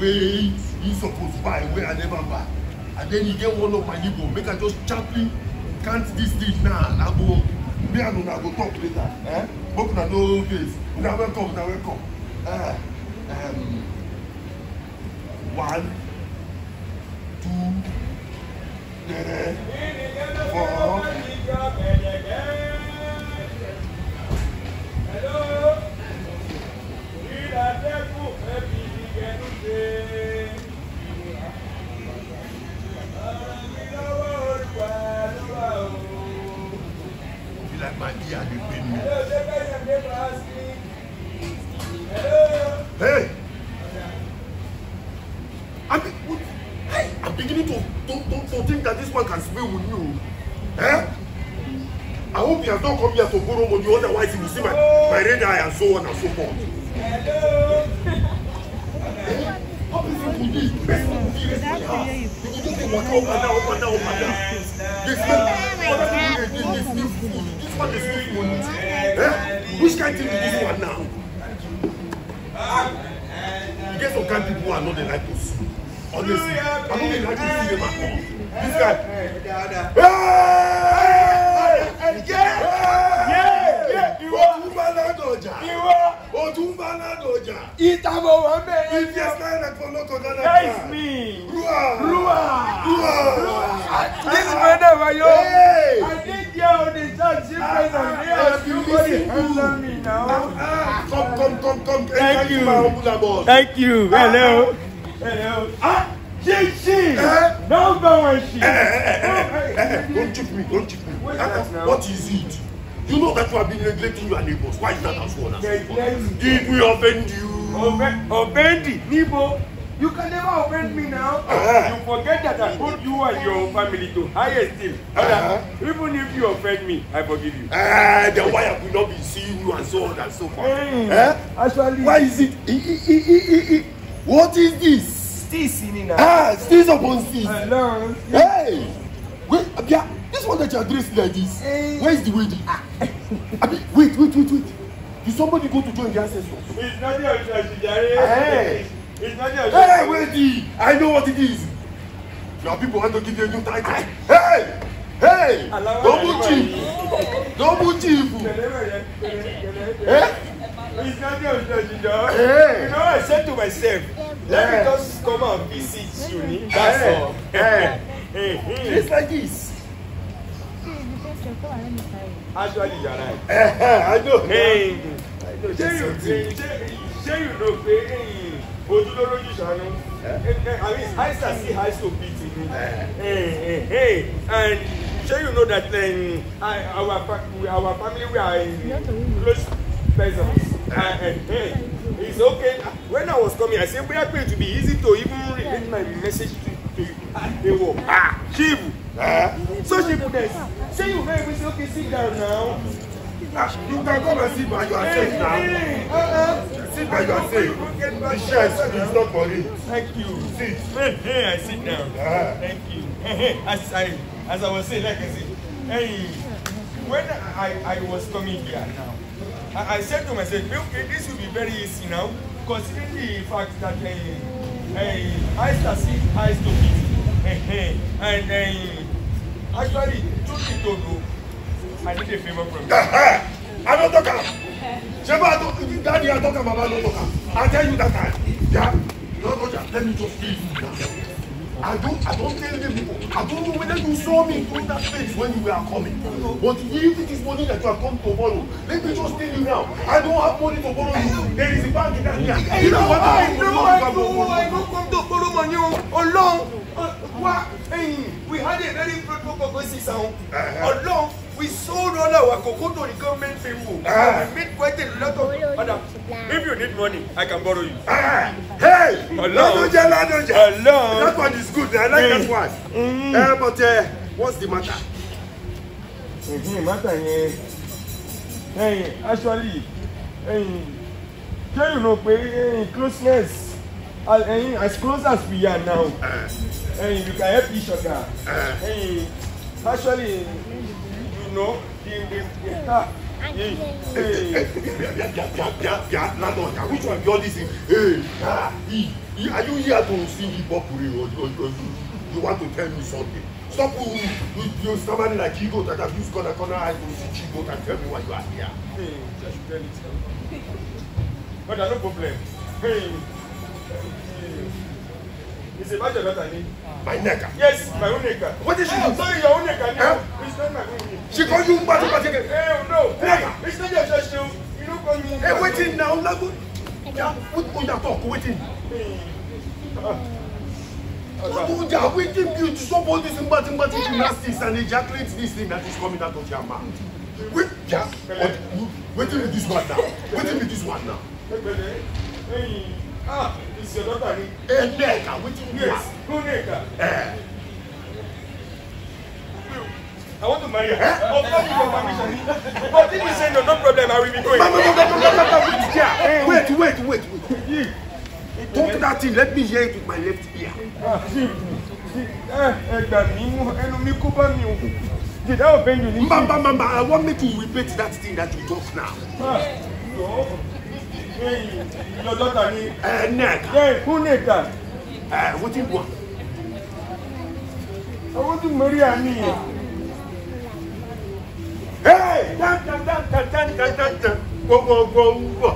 wey you suppose buy wey i never buy and then e get one of my neighbor make i just sharply count this thing now and i go me and una go talk later eh? make una no face una welcome una welcome uh, um, one can don't come here to borrow money, otherwise you will see my, my red eye and so on and so forth. Hello. Which kind of thing is this one now? You get some kind of people who are not the like us. Honestly, I don't like to see them at all. This guy. Hey! If there's nine that will not order that That's me. Rua. Rua. Rua. This is my name, are you? Hey. I did hear on the church, she prayed on me. Everybody answer me now. Ah, ah, come, come, come, come. Thank you. Thank you. Hello. Ah, Hello. Ah. Gigi! Uh, eh? no governorship! Uh, uh, don't cheat me, don't cheat me. What is it? You know that you have been neglecting your neighbors. Why is that as well as If we offend you, Offend Nibo. You can never offend me now. Uh-huh. You forget that I put you and your family to higher still. Uh-huh. Even if you offend me, I forgive you. Uh, ah, then why have we not been seeing you and so on and so forth? Hey, eh? Actually, why is it? I, I, I, I, I, what is this? This in now. Ah, this upon this. Hello. Hey, wait, Abia, this one that you're dressed like this. Hey. Where is the wedding? Ah. Abi, wait, wait, wait, wait. Did somebody go to join the ancestors? It's not your church, eh. Hey! It's not your church. Hey, Wendy! I know what it is. Your people want to give you a new title. Hey! Hey! Double chief! Double chief! Eh? It's not your church, eh. Hey! You know, I said to myself, let me eh. just come and visit you. That's all. Hey! Hey! just like this actually yàrá ẹ̀. àjò ṣé yóò ṣé yóò lọ pé ojúlóró yìí ṣàánú àìsàn sí àìsàn bíi ti ní. Sure you know that um, our our family we are um, close persons. Uh, eh. uh, eh, eh, hey, it's okay. When I was coming, I said, are going to be easy to even read my message to ah, Chibu. Eh? So Chibu, this. Say you very busy. Não, sit down now. You can come não sit by yourself now. Uh -uh. Sit by yourself. The chair is não for you. Thank you. Sit. Hey, I sit down. Uh -huh. não you. As I, as I was saying, like I said, hey, when I, I was coming here now, I, I said to myself, okay, this will be very easy now, considering the fact that. Uh, eyes can see eyes to meet and uh, actually truth be told I need a favour from you. I don talk am shey ma don daddy I talk am baba no talk am I tell you that time yeah, no go ja let me just leave. you I don't, I don't tell the people. I don't know whether you saw me doing that place when you were coming. But if it is money that you have come to borrow, let me just tell you now. I don't have money to borrow you. There is a bank in that here. You know what I know, I know, I don't come to borrow money alone. Why? We had a very fruitful conversation alone. We sold all our cocoa to the government people. Ah. And we made quite a lot of madam. If you need money, I can borrow you. Ah. Hey! Hello! Hello! Hello! That one is good. I like mm. that one. Mm. Uh, but uh, what's the matter? It's mm-hmm, the matter. Hey, actually, hey, can you know, hey, closeness. As, hey, as close as we are now, uh. hey, you can help each other. Uh. Hey, actually, know, he will get that. Hey, hey, landlord, which one you all listen? Hey, he, are you here to see Ibopuri or, or, or you, you want to tell me something? Stop with, with you, somebody like Chigo that have used corner corner eyes to see Chigo and tell me why you are here. Hey, just tell it. But no problem. Hey. It's a matter that I ah. My nigga. Yes, my own nigga. What is she? Oh, sorry, your own nigga. Huh? It's not my own nigga. She called you Mbatu Mbatu. Hey, oh, no. Hey, it's not your church, you. You don't call me Mbatu. Hey, waiting now. Lagu. Yeah, put on that talk. Waiting. Lagu, they are waiting you to stop all this Mbatu Mbatu gymnastics and ejaculate this thing that is coming out of your mouth. Wait, yeah. Wait. with this one now. Wait. with this one now. Hey, ah is your daughter ni. Nneka wetin you Yes, Nneka. I want to marry her. Of course, with your permission. But if you say no, no problem, I will be going. Wait, wait, wait, wait. Talk that thing, let me hear it with my left ear. Ah, eh, Ẹgbà mi ẹnu mi kó bá mi o. Did I offend you? Mama, mama, I want me to repeat that thing that you talk now. Ah, lọ́dọ́ta ni. ẹ nẹ́ẹ̀ka. ẹ fún nẹ́ẹ̀ka. ẹ wọ́n ti wọ̀. owó tún mẹ́rí àmì yẹn. ẹ dáńtàntántàntántàntàn gbogbogbò ń bọ̀.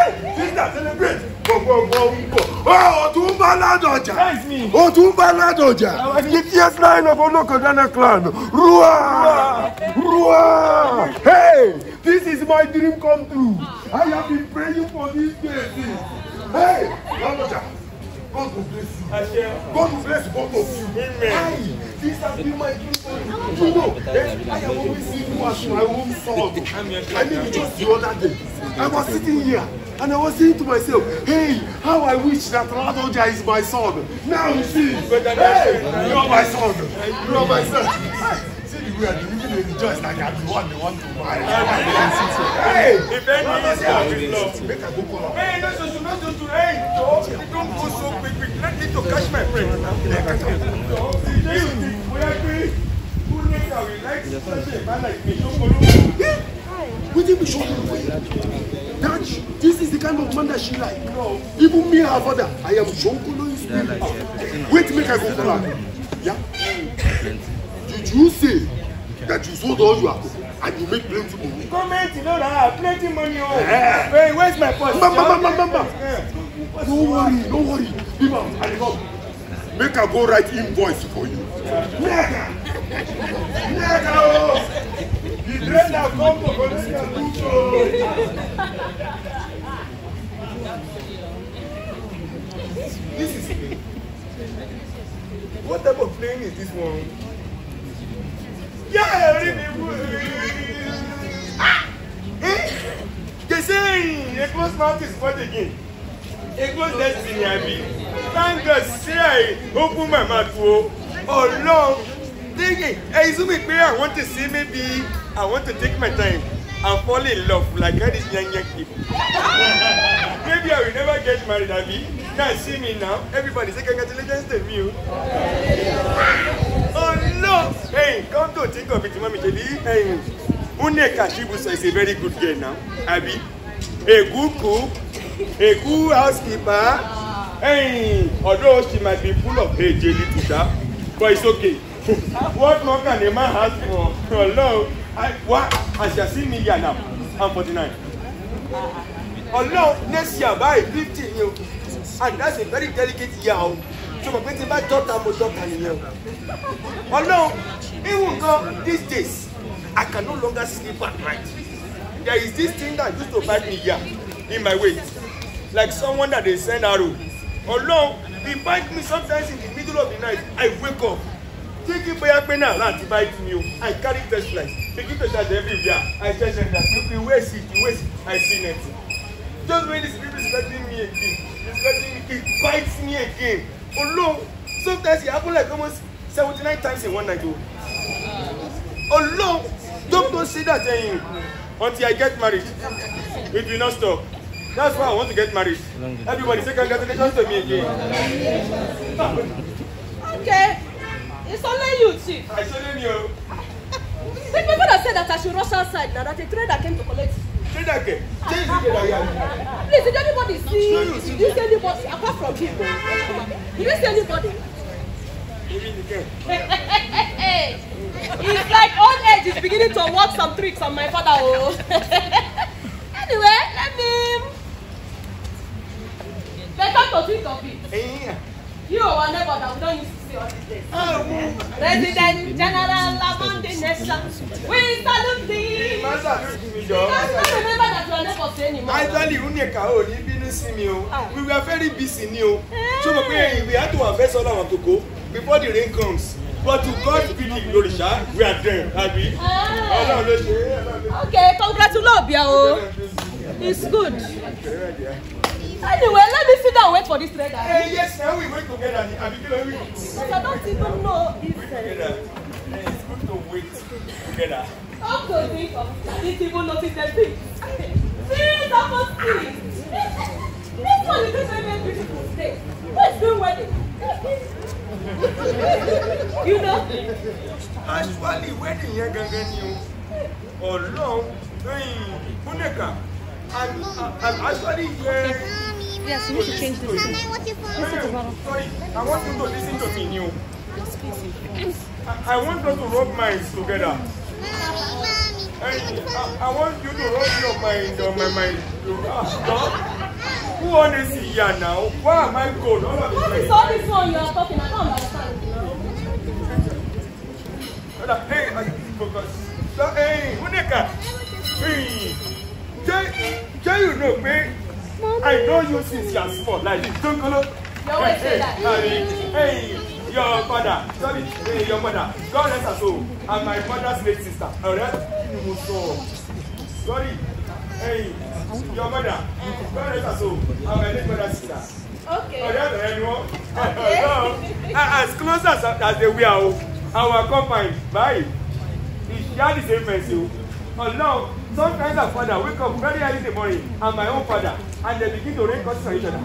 ẹ títà celebrate gbogbogbò ń bọ̀. ó tún bá ládọ̀jà. ó tún bá ládọ̀jà. GTS line of olókàndánná clan rúwà rúwà. Hey! This is my dream come true. I have been praying for this day. Hey, Lamocha, God will bless you. God will bless both of you. Amen. this has been my dream for you. You know, I have always seen you as my own son. I mean, just the other day, I was sitting here. And I was saying to myself, hey, how I wish that Ladoja is my son. Now you see, hey, you are my son. You are my son everywhere. The people they rejoice like I'm the one they want to marry. Hey, if any is in love, make a good call. Hey, no, no, no, not supposed to hey, Joe. You don't go so quick, quick. Let me to catch my friend. We think we should That this is the kind of man that she like. Even me, her father, I am Shonkolo in spirit. Wait, make I go for her. Yeah? Did you say that you sold all your akoko and you make ah, plenty money. government no na have plenty money o. Yeah. hey where's my purse. mama mama mama eh, eh. no worry no worry leave am i come make i go write invoice for you. nega nega o oh. the trader come for collection book o. this is what type of plane is this one yá ẹ̀rí mi wú gbèsè ẹ̀yìn a close mouth is what again a close destiny àbí thank God sí ẹ̀ ogún màmá tó ọlọ́run dígì ẹ̀yin sún mi pé want to see maybe I want to take my time and fall in love like all these young young people. Maybe I will never get married, Abi. can see me now. Everybody say congratulations to me. Oh, no. Hey, come to think of it, mommy. Hey, Mune Kashibusa is a very good girl now. Abi, a good cook, a good housekeeper. Hey, although she might be full of hey, jelly to that, but it's okay. what more can a man ask for? Hello, I what? I shall see me here now. I'm forty-nine. Hello, next year by 50 and that's a very delicate year. Oh tó mọ̀ pé tí bá dọ́ta mo dọ́ta nìyẹn o ọlọ́run even gan these days I can no longer sleep at night there is this thing that used to bite me here in my weight like someone that dey send arrow ọlọ́run e bite me sometimes in the middle of the night I wake up thinking bóyá pé náà láti bite me o I carry test light taking test every year I test light like you wey see you wey see I see nothing just when the spirit is letting me again is letting me it bites me again olóhùn sometimes it happen like almost seventy nine times in one night o olóhùn don't don say that ẹyin eh, until i get married it will not stop that's why i want to get married everybody say congratulations to me again. okay it's only you chief. i show them you. the people that said that i should rush outside na that a trader came to collect. Tradeke, change the data here. Please, did anybody see? Show you, Did you see anybody apart from him? Did you see anybody? it's like old age is beginning to work some tricks on my father. Oh. anyway, let me. come to think of it. You are never that we don't use. President General Lamonde Nelson, we salute thee. Because you remember that you are not of anymore. Actually, Unika ò ní bínú sí mi We were very busy new. Oh. Eh. So, Ṣé mo we had to harvest all our cocoa before the rain comes? But to God be the glory, sha. We are there, happy. Ah. Ọlọ́run ló ṣe é. Okay, congratulate Obia o. Oh. It's good. Anyway, let me sit down and wait for this red eye. Hey, eh, yes, now eh, we wait together. I don't even know if... Wait together. Eh, it's good to wait together. Come to think of it, I didn't notice the thing. See, that must it. This one is a very beautiful state. What's doing wedding? you know? Actually, wedding yẹn gangan you. Oh no, hey, Múnẹ̀ká. actually here. Yes, you need to change the reason. Sorry, I want you to listen to me new. I, want us to rub minds together. And I, I want you to rub your mind on uh, my mind. Ah, stop. Who honestly here now? Why am I cold? All of what is all this one you are talking? I don't understand. Hey, focus. Hey, Monica. Hey. jẹ́ you know pé I know you since you are small like this don kolo. your way say that. Hey, your father sorry hey, your mother God rest her soul and my mother's late sister ọ̀rẹ́ ni mo sọ sorry hey, your mother God rest her soul and my late mother's sister. Okay. ọ̀rẹ́ ọ̀rẹ́ ni wọ́n. Okay. as close as as they were o oh, our company bye ìyá the same person Oh, ọlọ́run. Sometimes our father wake up very early in the morning and my own father and they begin to rain curses on each other.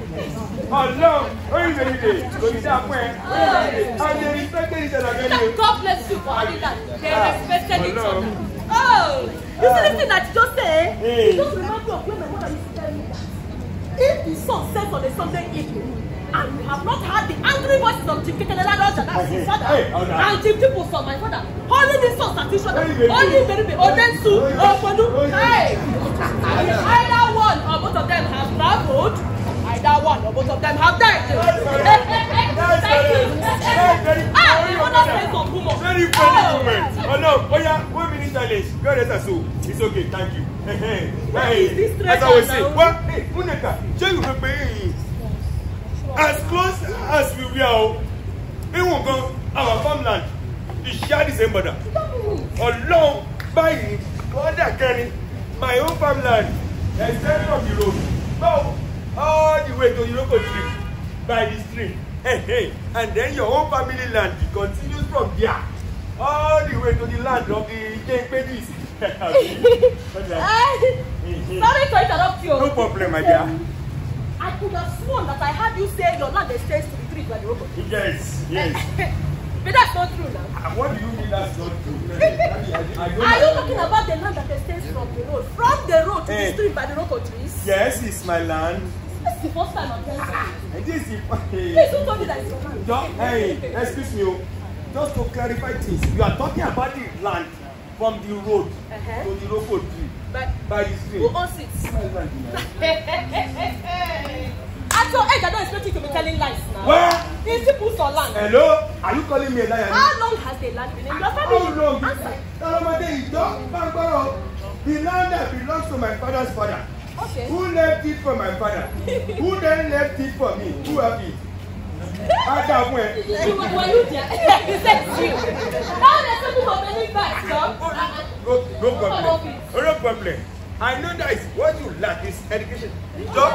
Ọlọ́run oyin lè dìde lòdì dá pẹ́ oyin lè dìde and they respect each other very well. God bless you for having that they ah, respect each other. Oh, you see the thing that you just say? Hey. Just remind me of when my mother used to tell me that if the sun sets on a Sunday evening and you have not heard the angry voices of Chief Kekelela Lodja, that's his father, and Chief Diposo, my father, holding his sons at each other, holding Beribe, Odensu, Oponu, hey! Either one or both of them have traveled, either one or both of them have died. Thank you. Ah, you wanna say Very funny moment. Oh no, oh yeah, one minute challenge. Go let us so. It's okay, thank you. Hey, hey. As I was saying, what? Hey, Muneka, show you the pain as close as we were ìwọ̀n oh, gan our farmland ìṣáàdì ṣe ń bọ̀dà ọlọ́run báyìí bọ́dà kẹrin my own farmland extension from the road bow all the way to Iroko street by the stream hey, hey. and then your own family land continues from there all the way to the land of the Jempedis. Sorry to interrupt you. No problem, my dear. I could have sworn that I heard you say your land extends to the trees by the robot. Yes, yes. but that's not true now. Uh, what do you mean that's not true? I, I, I Are you talking about the land that extends from the road? From the road to hey. the eh. street by the road trees? Yes, it's my land. This is the first time I'm telling you. Ah, this is the first time. Please don't tell me that it's your land. hey, excuse me. Oh. Just to clarify things, you are talking about the land from the road uh -huh. to the robot tree by his faith. Who owns it? At your age, I don't expect you to be telling lies now. Where? These people for land. Hello? Are you calling me a liar? How long has the land been in your family? How long? Answer. Talomade, you don't, Bangoro. The land that belongs to my father's father. Okay. Who left it for my father? Who then left it for me? Who have it? á dà fún ẹ. no no problem no problem I know that what you lack is education. Jọ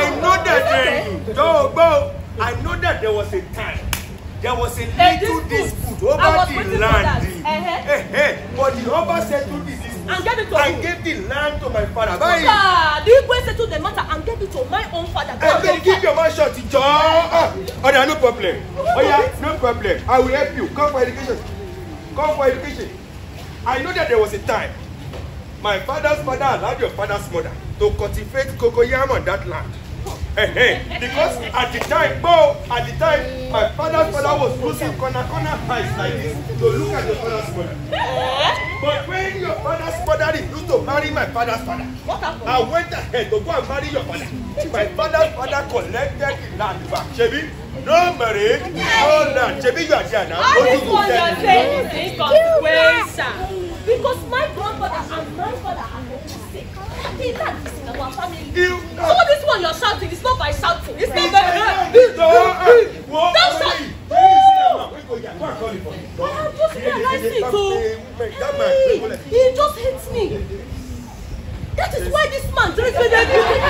I know that there you I know that there was a time there was a little dispute over the land. Uh-huh. Eh, eh, but the Oba settled this and give it to and who? gave the land to my father. báyìí. sir the igwe settle the matter and give it to my own father. ẹ bẹ́ẹ̀ give your man shot jọ ah, ọ̀dà no problem Oh, yeah, no problem i will help you come for education come for education i know that there was a time my father's father allowed your father's mother to cultivate cocoyam on that land because at the time bo at the time my father's father was losing corner corner eyes like this So look at your father's father but when your father's father refused to marry my father's father i went ahead to go and marry your father my father's father collected the land back shebi no marriage no land shebi you are here now no you go there. all this one you are saying is because my grandfather and my father are. That this one you're shouting, it's not by shouting. It's not by this. Don't shout. I have just realized it. Oh, he just hits me. That is why this man drinks with everything.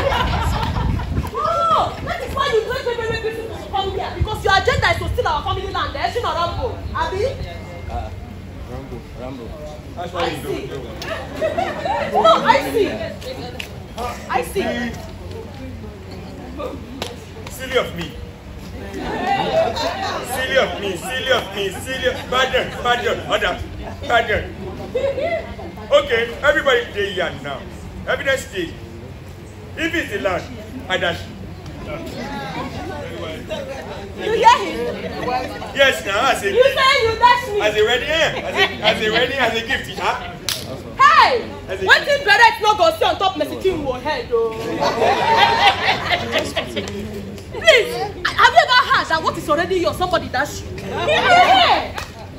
Oh, that is why you drink with every people to come here because your agenda is to steal our family land. There, she not Rambo. Uh, Rambo. Rambo. That's why you doing it. Oh, icy. Icy. Silly of me. Silly of me, silly of me, silly of Pardon, pardon, madam, pardon. Okay, everybody stay here now. Everybody stay. If it's the land, I dash. You hear him? Yes, now as a You say you dash me. As a ready, eh? As a, as a ready, as a gift, huh? Hey! Wetin beret no go see on top Mesitin wo head o. Oh? Please, have you ever heard that what is already yours somebody dash you? Here!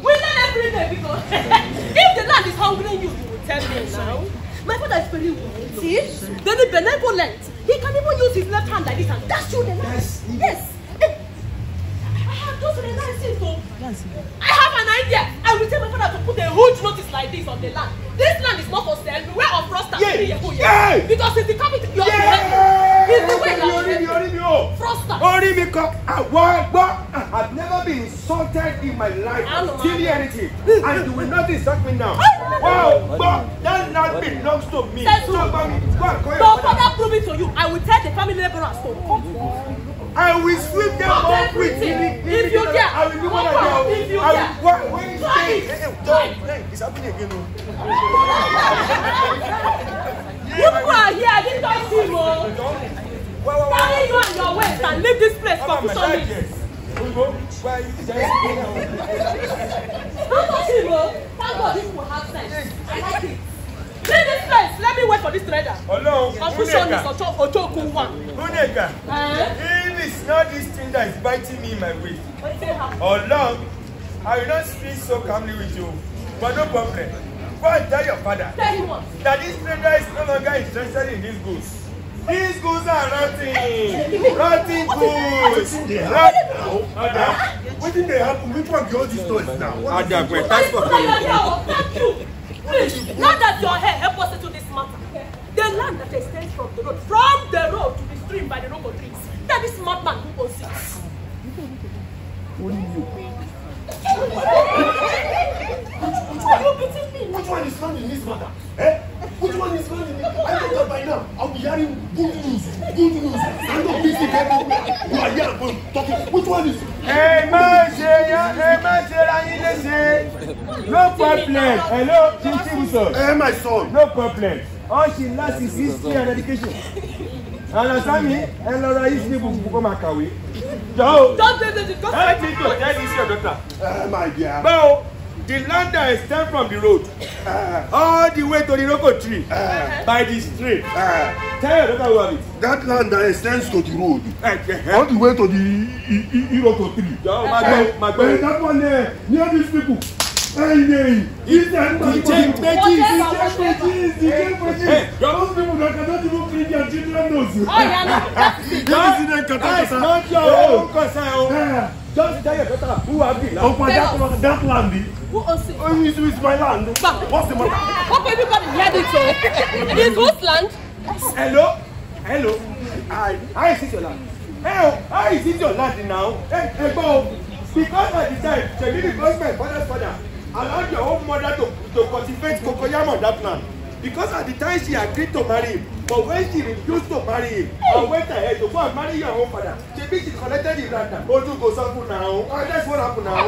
We learn every day because if the land is hungry you, you will tell me now. My father is very Then the benevolent. He can even use his left hand like this and dash you the land. Yes. yes. I have an idea. I will tell my father to put a huge notice like this on the land. This land is not for sale. Beware of fraudsters yeah. three years ago. Yeah. Because it's the capital you are yeah. It's the way you are inheriting. Fraudsters. Orí mi kan àwọn ẹgbọ́. I've never been insulted in my life. Tell me anything. And you will not insult me now. Wow, gbọ́ that land belongs to me. Tell me. Go and call your father. Your father prove it to you. I will tell the family laborers to come. I will sweep them up with giving. If you dare, I will do what I do. If you dare, when when you say, it's happening again, no. Oh. You people are here. I didn't touch him, oh. Carry you on your waist and leave this place for two minutes. Don't touch Thank God this will have sense. I like it. Leave this place. Let me wait for this trader. Hello. Confusion is Ochoku one. Bunega. Eh? If it's not this thing that is biting me in my way. What is it happening? Hello. I will not speak so calmly with you. But no problem. Go and tell your father. Tell him what? That this trader is no longer interested in these goods. These goods are rotting. Rotting goods. What did they happen? Madam, what did they happen? Which one of all these stories now? Adagwe, thanks for coming. Thank you. Please, now that your hair help us into this matter. The land that extends from the road, from the road to the stream by the local of trees, that this madman who owns it. Only you. one? Are you me? Which one is man in this matter? Eh? Which one is man in this I know that by now I'll be hearing good news, good news. I'm not missing everywhere. You are here going talking. Which one is? Hey, má ṣe yan, ẹ má ṣe ra No problem. Hello, Chichi Wilson. Hey, eh, my son. No problem. All she lacks is history and education. Understand me? Ẹ lọ ra history book kó máa kàwé. Jọ̀ọ́. Don't do the doctor. Ẹ ti tò, ẹ ti ṣe ọ̀dọ́ta. Ẹ máa jẹ́ a. Báwo the land that extend from the road uh, all the way to the roko tree uh, by the stream uh, tell your daughter where it. that land that extends to the road uh, uh, all the way to the iroko tree. jọ ma gbẹ ma gbẹ. that one there near these people. Hey, hey, he He for Ayé ìjẹ́ ìjẹ́ méjì ìjẹ́ méjì ìjẹ́ méjì those people that cannot even clean their children nose. Ọ̀ya náà that's it. Yóò ti dé kàtàkàtà. Ẹ máa ń jọ òun kọ̀ọ̀sẹ̀ o. Just tell your daughter who have been. Ọ̀pọ̀ Darkland. Who owns it? Oh, it's, it's my land. But What's the matter? What for? everybody heard this. all. It is whose land? Hello? Hello? I, I is it your land? Hello. Oh, how is it your land now? Hey, hey, Bob. Because at the time, Shebi, because my father's father allowed your own mother to, to cultivate cocoyam on that land because at the time she agreed to marry him but when she refused to marry him and went ahead to go and marry your own father shebi she collected him randa oju go sọkun na o and ah, that's what happen na o.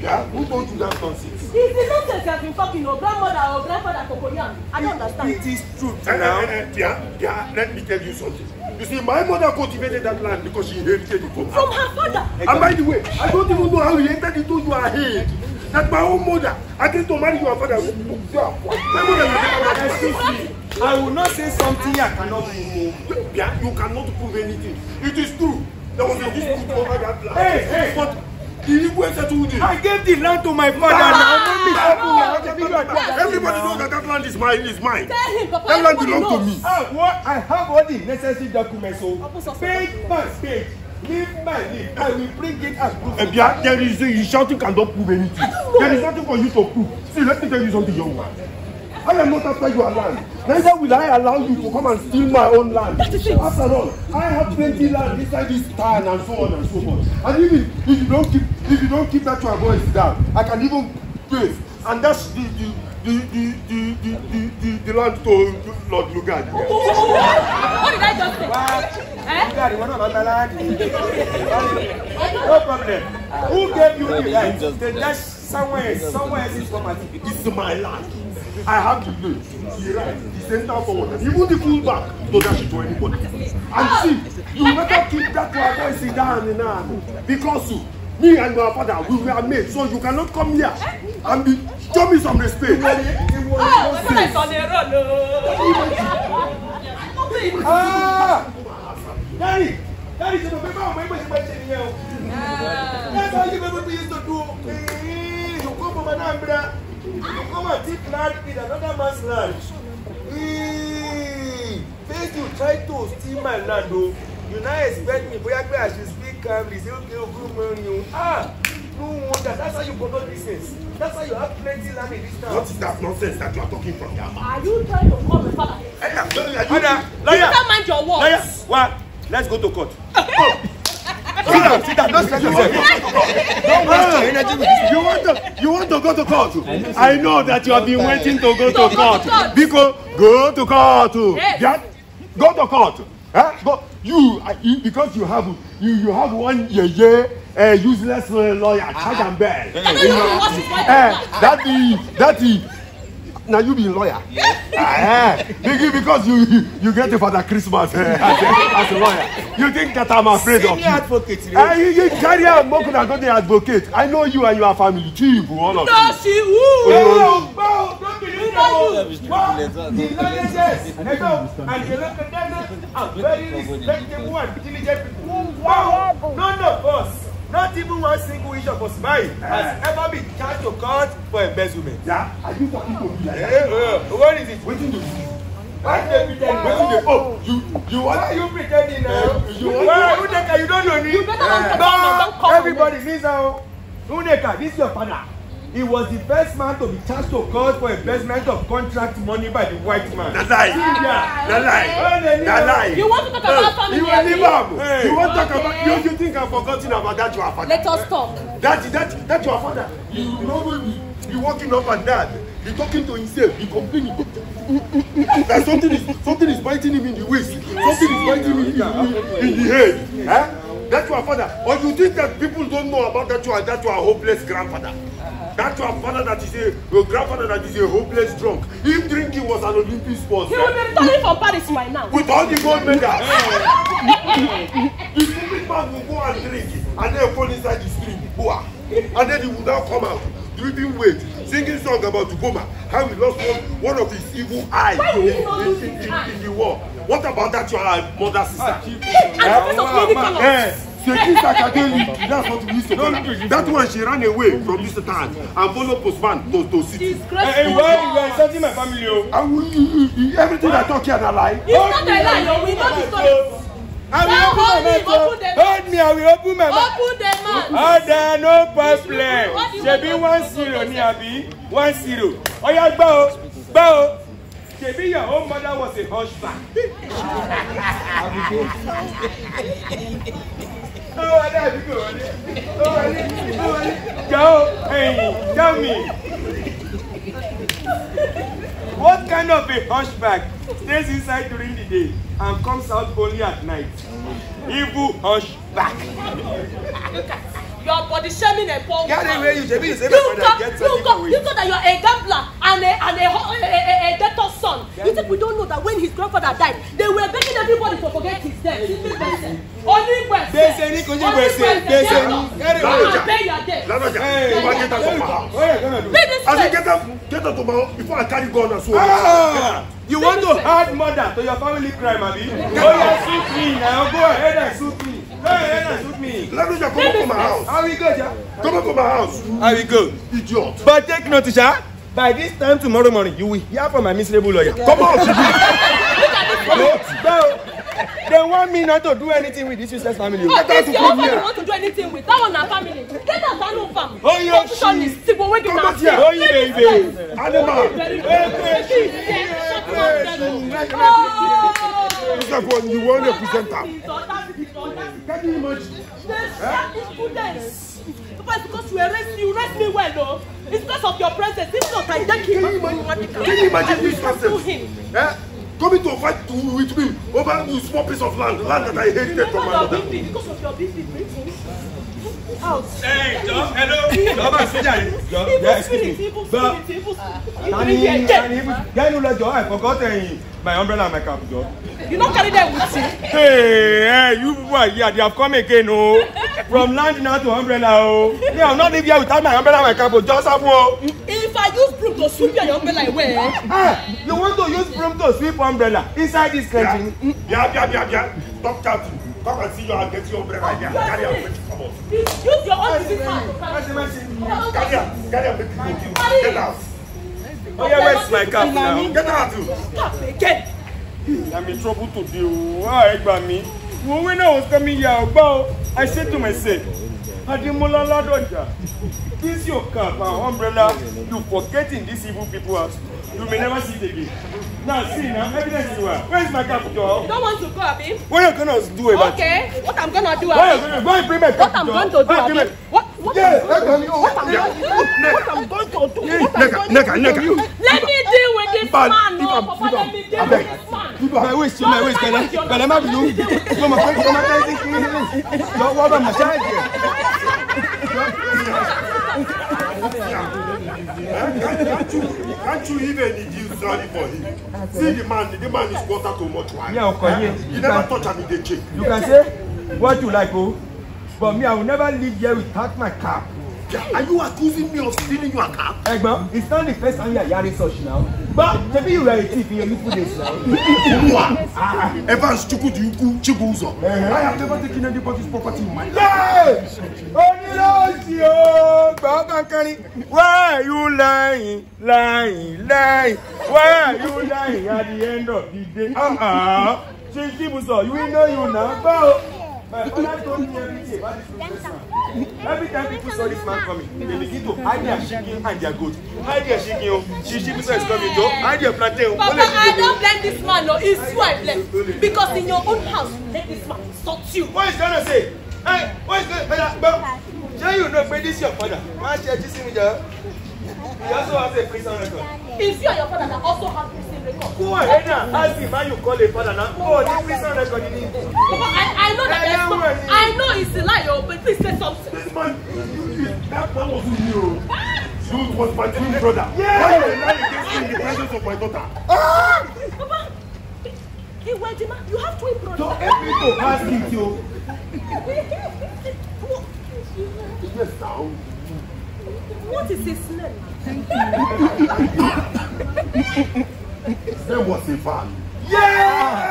yeah who go you that nonsense. it's the nonsense you have been talking o grandmother or grandfather kokoyam i don't understand. it is true. now. Eh, eh, eh, yeah, yeah. let me tell you something. You see, my mother cultivated that land because she inherited it from From her father. And by the way, I don't even know how he entered into your head that my own mother I think to marry your father will be Excuse me. I will not say something I cannot prove. Yeah, you cannot prove anything. It is true. There was a dispute over that land. Hey, hey. But I gave the land to my father ah! everybody knows that that land is mine. Is mine. Tell him, Papa, that land belongs to me. Ah, I, have all the necessary documents. So page by page. Leave my leave. I bring it as proof. there is you shouting cannot prove anything. There is nothing for you to prove. See, let me tell you something, young man. I am not after your land. Neither will I allow you to come and steal my own land. After all, I have plenty land inside this town and so on and so forth. And even if you don't keep if you don't keep that your voice down, I can even face. And that's the, the the the the the the the, the land to Lord Lugard. What did I just say? What? Eh? Lugard, one of the land. No problem. Who gave you the land? The dash somewhere, somewhere else is property. This is my land. I have the blade, the right, the center forward, even the full back, don't dash it to anybody. And oh. see, you better keep that to avoid down in hand because you Me and my father, we were made, so you cannot come here and be show me some respect. Ah, my father is on the road, no. Ah, Daddy, Daddy, so the paper on my way is my chain here. That's how you people used to do. You come over and brother, you come and take land in another man's land. Hey, first you try to steal my land, oh. You now expect me, boy, I should speak calmly say okay oh, good morning oh. ah no wonder that's how you conduct business that's how you have plenty land in this town. what is that nonsense that you are talking from yam. are you trying to call my father. ẹ eh, na lawyer you na lawyer you don't mind your words. lawyer wa let's go to court. oh. sit down sit down just let yourself don't waste your energy with this you want to you want to go to court i know that you have been waiting to go to court because go to court yeah go to court Huh? go you, uh, you because you have you you have one yeye uh, useless uh, lawyer ah, charge am bell eh, eh, you know uh, eh, that be that be na you be lawyer yeah. uh, because, because you, you get it for that christmas uh, as, a, as a lawyer you think that i'm afraid Senior of you advocate, really? uh, you, you carry am make una go dey advocate i know you and your family chief all of you. no she who know the knowledges and the representatives are very respectable and diligent Wow, none of us, not even one single issue, for us, mine, has ever been charged to court for embezzlement. Yeah, I do for people. What is it? What do you do? Why they pretend? Oh, you, you what? Why are you pretending now? You why you take? You don't know me. You better don't come. Everybody, listen. Uneka, this is your father. He was the first man to be charged to court for investment of contract money by the white man. Na lie. Na lie. Na lie. You want to talk about family abuse? You want hey. You want talk about you, you think I've forgotten about that your father? Let us talk. That that that your father. You know be working up and down. Be talking to himself. Be complaining. that something is something is biting him in the waist. Something is biting him in, in, in the head. Eh? That's your father. Or you think that people don't know about that you are that you are hopeless grandfather? That your father that is a your grandfather that is a hopeless drunk. If drinking was an Olympic sport. He will be returning from Paris by now. With all the gold medals. the stupid man will go and drink and then fall inside the stream. Boah. And then he will now come out dripping weight singing song about Ugoma how he lost one, one of his evil eyes in, in, in, in, in the war. What about that your uh, mother sister? Hey, eh? Wow, man, man. She's academic. That's what we used to call her. That one, she ran away from this town and followed postman to, to city. She's Hey, eh, eh, why you insulting my family? Oh. I will, everything I talk here is a lie. It's not a lie. We know the story. Oh. I will open my oh. mouth. Hold me, I will open my mouth. Open the mouth. Oh, there no problem. She be one zero ni àbí one zero. Oh, gbá bow, bow. o. Ṣebí your own mother was a hunchback. ọwọlé àdúgbò wọlé tell me what kind of a hunchback stays inside during the day and comes out only at night evil hunchback. you are body shaming and poor woman. Get away you Shebi you say my brother get something for we. You thought that you are a gambler and a and a a a, a a debtor son. Get you think we don't know that when his grandfather died they were begging everybody to forget his debt. Onígbèsè. Gbèsè ní kojú gbèsè. Gbèsè ní. Lálọ́jà. Lálọ́jà. You want get out of my house. I say get out get out of my house before I carry gun and so on. Ah, you want to add murder to your family crime, abi? Go and shoot me now. Go ahead and shoot me. Let hey, shoot me. Ladoja, come up to my house. How we go, Sha? Come up to my house. How we go? Idiot. But take note, Sha. By this time tomorrow morning, you will hear from my miserable lawyer. Come on, Sha. Come on. They want me not to do anything with this useless family. What okay, they want me not to do anything with that one na family. Get out that no farm. Oh yeah, she. Come back here. Oh yeah, baby. Oh, This is what you want to present her. Can you imagine? Yes. Because because you arrest you arrest me well though. It's because of your presence. If not, I thank him. Can you imagine? Can you imagine this nonsense? Eh? coming to fight to, with me over a small piece of land, land that I hated from my mother. Because of your beefy breathing. Out. Hey, John, hello. Baba, sit down. Yeah, excuse me. Evil spirit, guy no let your eye. Forgot eh, my umbrella and my cap, John. You not carry that with you. Hey, hey, you people are here. They have come again, oh. From land now to umbrella, oh. Yeah, I'm not leave here without my umbrella and my cap, oh. Just have one. I use broom to sweep umbrella away. Eh? Ah, ah, you want to use broom to sweep umbrella inside this country? Mm. Yeah, yeah, yeah, yeah. Stop chatting. Come and see ah, you and get your umbrella here. Carry am make you come out. Use your own to find. Carry am, carry am make you go. Get out. Oh yeah, where's my cap now? Get out. Cap again. I'm in trouble today. Oh. Ah, ẹ gbà mí. Wo wey now was coming here, Ogbao. Oh. I said to myself, Ademola Ladoja, this your cap my umbrella, you forgetting these evil people are You may never see it again. Now see now, evidence you are. Where is my capital? You don't want to go, Abi? What are you gonna do about okay. it? Okay, what I'm gonna do, Abi? What, gonna, what, I'm going to do, what I'm going to do, Abi? What, what, yeah, I'm going to do? What I'm going to do? What I'm going to do? What I'm going to do? Let me deal with this man, oh, no, Papa, let me deal with this man. My waist, my waist, can I? Can I have you? Come on, come on, can I take you? Don't worry about my child here. Thank you. Can't you even deal sorry for him? See the man, the man is water too much wine. Yeah, okay, yeah. You, you never touch him in the cheek. You can say what you like, oh. But me, I will never leave here without my cap. Are you accusing me of stealing your car? Ẹ̀gbọ́n, it's not the first time you are hearing such now. But maybe you were a thief in your youthful days now. What? Evans you Diyukwu Chibuzo. I have never taken anybody's property in my life. Onílọ́ọ̀sì o, gbọ́ngàn kẹrin. Why are you lying, lying, lying? Why are you lying at the end of the day? Uh uh-uh. Chibuzo, you know you now, báwo? Every time people saw this man coming, they begin to hide their chicken and their goat. Hide their chicken, shishi people is coming to hide your plantain. Papa, I don't blame this man, no. It's who I blame. Because in your own house, let this man insult you. What is to say? Hey, what is gonna say? Shall you know, pay this your father? Man, should you see me there? He also has a prison record. It's you and your father that also have prison Who are Ena? Ask him how you call a father now. Oh, the prison record in him. I, I know that there's no, I know it's a lie, oh, but please say something. This man, you, you, that man was wasn't oh. ah! you. You was my twin brother. Yeah. Why you lie against me in the presence of my daughter? Ah! Papa, Iwejima, you have twin brothers. Don't help me to pass it, yo. Yes, now. What is his name? That was a van. Yeah!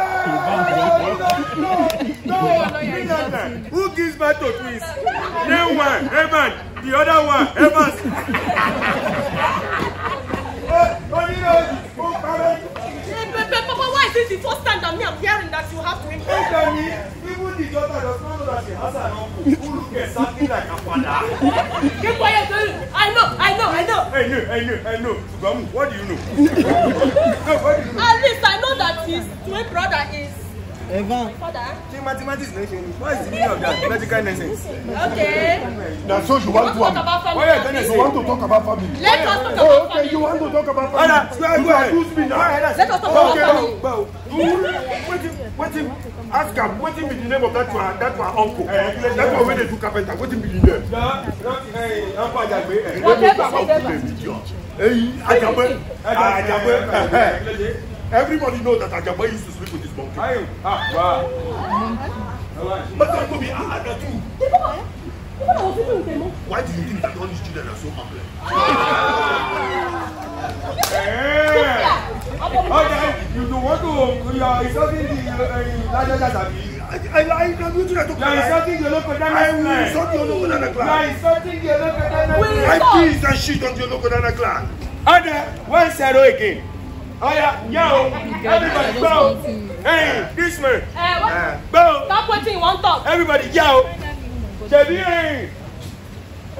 No, no, no, no, no. Who gives birth to twins? Name one, Evan. The other one, Evans. oh, oh, you know, this is the first time that me I'm hearing that you have to improve. Hey, Dami, even the daughter does not know that she has an uncle who looks exactly like a father. Keep quiet, I know, I know, I know. I know, I know, I know. Sugamu, what do you know? no, what do you know? At least I know that his twin brother is Evan. See, mathematics mentioned. What is the meaning of that? Magical nonsense. Okay. Now, so you want, you want to talk about family. Oh, yeah, you want to talk about family. Let us talk about oh, okay. family. You want to talk about family. Right, swear, you are good speaker. Let us talk about okay, family. Well, what if, ask him, what if be the name of that one, that one uncle? Uh, that one where they do carpenter, what if be the name? Yeah, not, hey, Uncle Ajagbe. Whatever. Hey, Ajagbe. Ajagbe. Everybody knows that Ajagbe used to Ayo, ah, wah. Madam Kobi, I had that too. Why do you think that all these children are so humble? Okay, you don't want to, you are insulting the uh, larger than I lie in the middle of the class. You are insulting the local dana class. I will insult the local dana class. You are insulting the local dana class. I piss that shit on the local dana class. Ada, one zero again. Oh yeah, yo, everybody bow. Hey, this man. Uh, what? Uh, eh, bow. Stop waiting, one talk. Everybody, yo. Shebi, hey. Hey,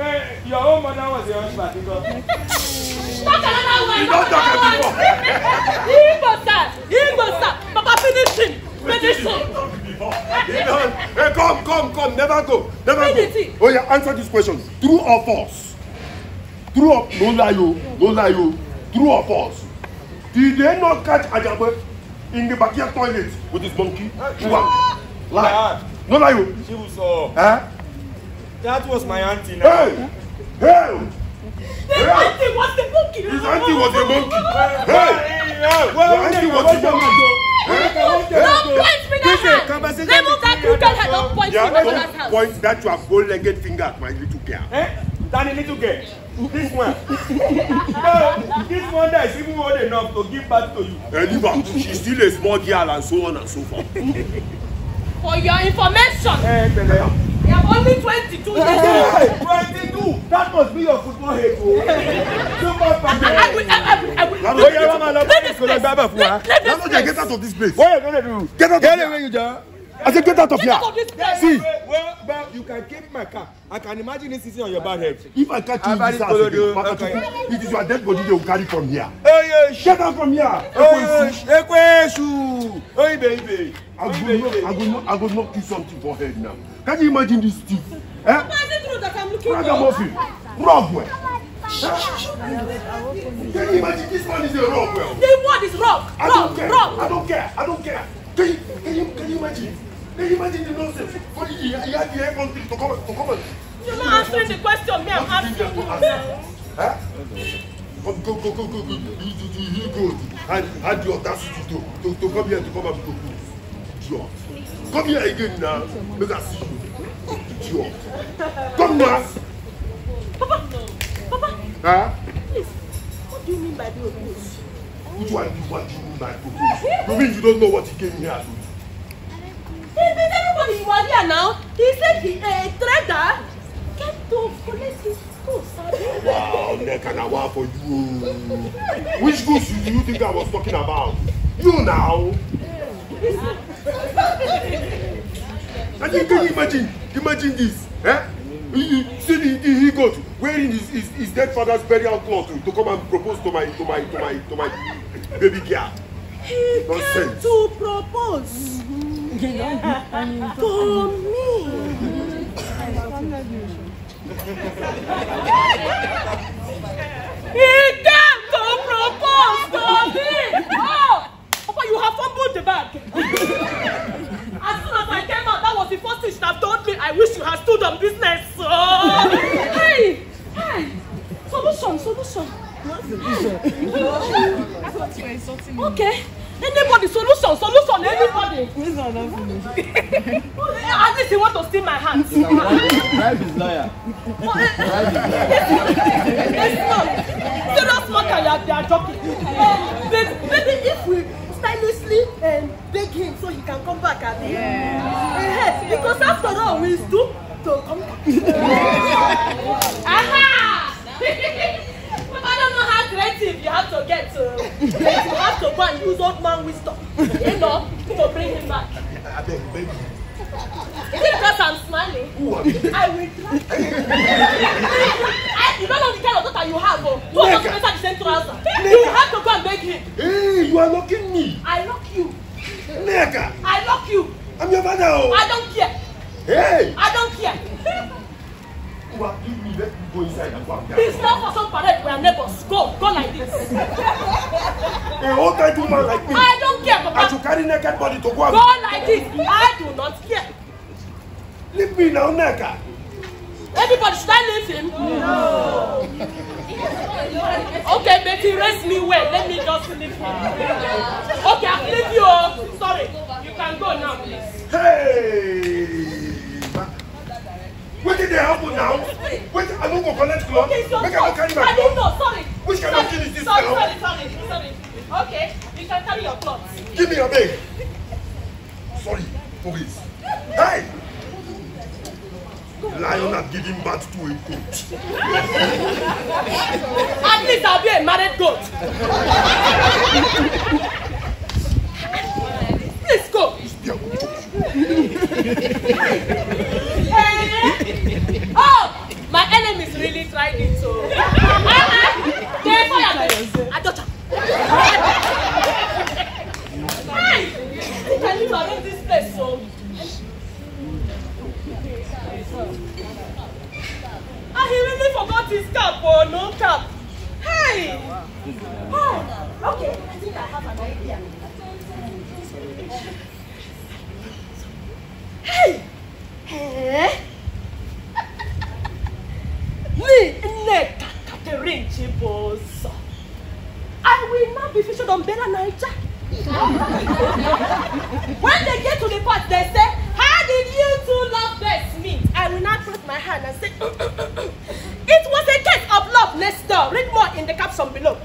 eh, your own mother was your husband. Talk another one. You don't talk anymore. He before. Igbo He Igbo star. Papa, finish him. Finish him. Hey, come, come, come. Never go. Never go. Oh, yeah, answer this question. True or false? True or... No lie, you. Oh. don't lie, you. Oh. True or false? Did they not catch Ajabe in the backyard toilet with his monkey? Lie. Lie. No lie. You. Oh. She was Huh? That was my auntie now. Hey! Hey! The auntie was the monkey. His auntie was the monkey. hey! hey. the auntie was the monkey. Hey, hey. point that hand. don't point me that hand. Point that your gold-legged finger my little girl. This one. no, this one that is even old enough to give back to you. Eh, anyway, she's still a small girl and so on and so forth. For your information, hey, eh, they have only 22 years hey, eh, 22? That must be your football head. Super oh. I will, I will, I will. Let me get out of this place. What are you going to do? Get out of here. Get away, you just. I said, get out of here. See. Well, you can keep my car. I can imagine this sitting on your bad head. If I catch you, this house, okay. okay. it is your dead body they will carry from here. Hey, yes. Get out from here. Ekwesu. Hey, baby. I will, not, I, will not, I will not do something for her now. Can you imagine this thief? Eh? Brother Murphy, rob well. Eh? Can you imagine this one is a rob The word is rob. I rob, don't care. Rob. I don't care. I don't care. Can you, can you, can you imagine? Then imagine the nonsense. For he, he had the air country to come to come. You're not answering the question me. I'm asking you. Huh? Go go go go go. You you you, go. Had had the to to to come here to come and to do. Idiot. Come here again now. Make us see you. Idiot. Come now. Papa. Papa. Huh? Please. What do you mean by the obese? Which one? What do you mean by the obese? You mean you don't know what he came here to here now. He said he a eh, trader. Get to police his goods. Wow, neck and a for you. Which goose do you think I was talking about? You now. and you can imagine, imagine this, eh? He, see the, the he got wearing his, his, his dead father's burial cloth to, come and propose to my to my to my to my baby girl. He Nonsense. came to propose. For me. he came to propose to me. Oh, Papa, you have fumbled the bag. as soon as I came out, that was the first thing she have told me. I wish you had stood on business. Oh. hey, hey, solution, solution. What's the vision? okay. Anybody, solution, solution, anybody. This is another At least you want to steal my hand. Life is lawyer. Life is liar. It's Serious matter, they are joking. Um, maybe, if we stylishly um, beg him so he can come back at the yeah. uh, Because after all, we do to come back. Aha! I don't know how creative you have to get to. you have to go and use old man wisdom, you know, to bring him back. I beg, baby. because I'm smiling? Ooh, I, will try. you don't know the kind of daughter you have, oh. Two of us inside the same trouser. You have to go and beg him. Hey, you are locking me. I lock you. Nega. I lock you. I'm your father, oh. I don't care. Hey. I don't care. you are leave me let me go inside and go and get please tell person parade we are neighbors go go like this. a whole title man like me. i don't care papa. i should carry naked body to go out. go like this i do not care. leave me now naked. everybody should i leave him. no. okay make you raise me well let me just leave him. Ah. okay i leave you o oh. sorry you can go now please. hey dey happen now wait i no go collect cloth okay, so make i carry my cloth no, sorry. which kind of thing is this sorry, now sorry, sorry, sorry. okay you can carry your clothes. give me your bag sorry police hey lion had given birth to a goat at least I'll be a married goat Let's go. really tried it so. ṣé fọyà bẹ̀rẹ̀ àjọjà. Can you arrange this place o? Ah, he really forgot his cap o, oh, no? food on Bella Niger. when they get to the pot, they say, How did you two love lovebirds Me, I will not put my hand and say, It was a case of love next door. Read more in the caption below.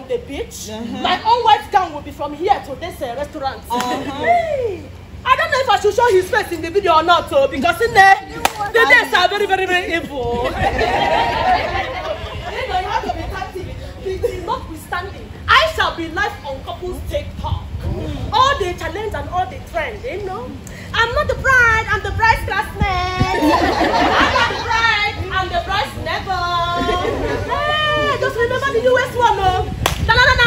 from the beach. Uh -huh. My own white gown will be from here to this uh, restaurant. Uh uh-huh. -huh. I don't know if I should show his face in the video or not, though, because in there, the days are very, very, very evil. anyway, you have to be tactful. Notwithstanding, I shall be live on Couples TikTok. Mm. All the challenge and all the trend, you know? I'm not the bride, I'm the bride's classmate. I'm not the bride, I'm the bride's never. Hey, just remember the US one, though. 当当当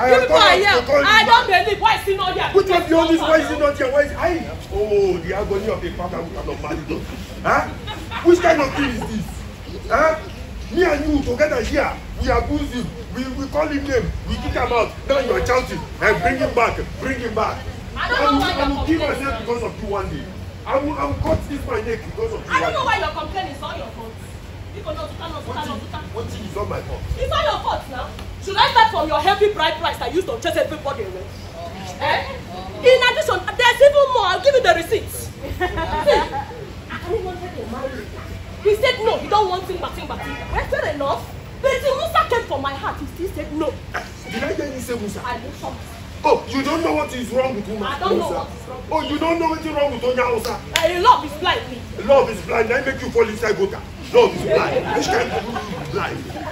I people are here. I don't believe. Why is he not here? Put up the only why is he not here? Why is I? Oh, the agony of a father who cannot marry them. Huh? Which kind of thing is this? Huh? Me and you together here, we abuse him. We, we call him name. We kick him out. Now you are shouting. And bring him back. Bring him back. I don't I will, know why I will kill myself because of you one day. I will, I will cut this my neck because of you. I don't know why you're complaining. It's not your fault. What thing is not my fault? It's not your fault now. Should I start from your heavy bride price I used to chase everybody away? Oh. Eh? Oh. In addition, there's even more. I'll give you the receipts. See, he said no, he don't want thing but thing but thing. I said enough. But the Musa came from my heart. He still said no. Did I tell you say Musa? I do something. Oh, you don't know what is wrong with Musa. I don't Musa. know what is wrong. Oh, you don't know what is wrong with Onya Osa. Uh, love is blind. me. Love is blind. I make you fall inside gutter. Don't lie. blind. Which kind of woman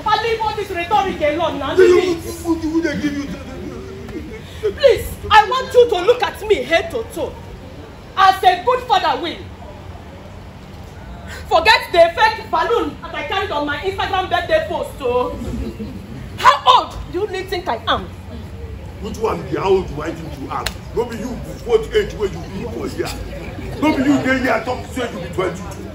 I leave all this rhetoric alone now. Leave it. Who, who, who they give you? Please, I want you to look at me head to toe. As a good father will. Forget the fake balloon that I carried on my Instagram birthday post. Oh. How old do you think I am? Which one be how old do I think you are? Don't be you, what age where you be for here? Don't be you dey here talk say you be twenty-two.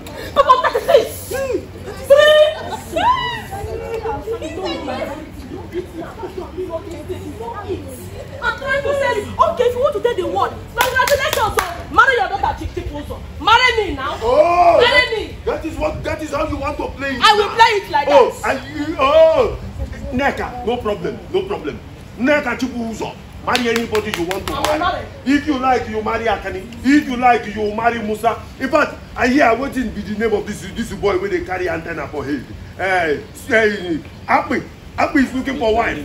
Okay, if you want to tell the world, congratulations, so marry your daughter, Chick Chick Marry me now. Oh, marry me. That is what. That is how you want to play it. I will play it like that. Oh, Oh, Neka, no problem, no problem. Neka Chick Uzo. Marry anybody you want to marry. If you like, you marry Akani. If you like, you marry Musa. In fact, I hear waiting be the name of this this boy where they carry antenna for head. Uh, eh, uh, Happy Happy is looking for wife.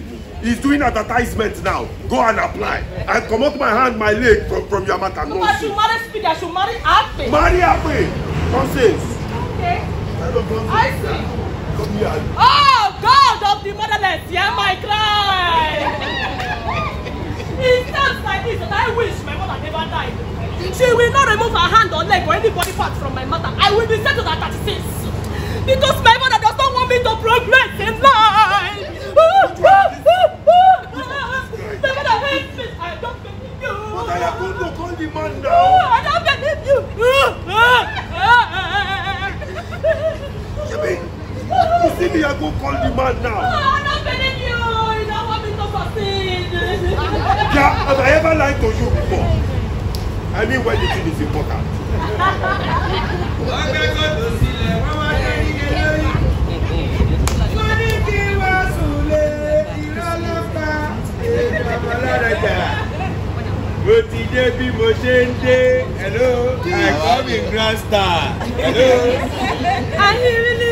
He's doing advertisement now. Go and apply. I comot my hand, my leg from, from your matter. No, I should marry speed. I should marry Happy. Marry Happy. Nonsense. Okay. I see. Come here. Oh, God of the motherless, hear yeah, my cry. In times like this that I wish my mother never died. She will not remove her hand or leg or any body part from my mother. I will be settled at 36. Because my mother does not want me to progress in life. my mother hates me. I don't believe you. But I am going to call the man now. Oh, I don't believe you. Jimmy, you see me, I go call the man now. Ah. Yeah, as I ever lied to you before. I mean, why you think it's important? mo ti dé bí mo hello i come in grand star hello. ahiri ni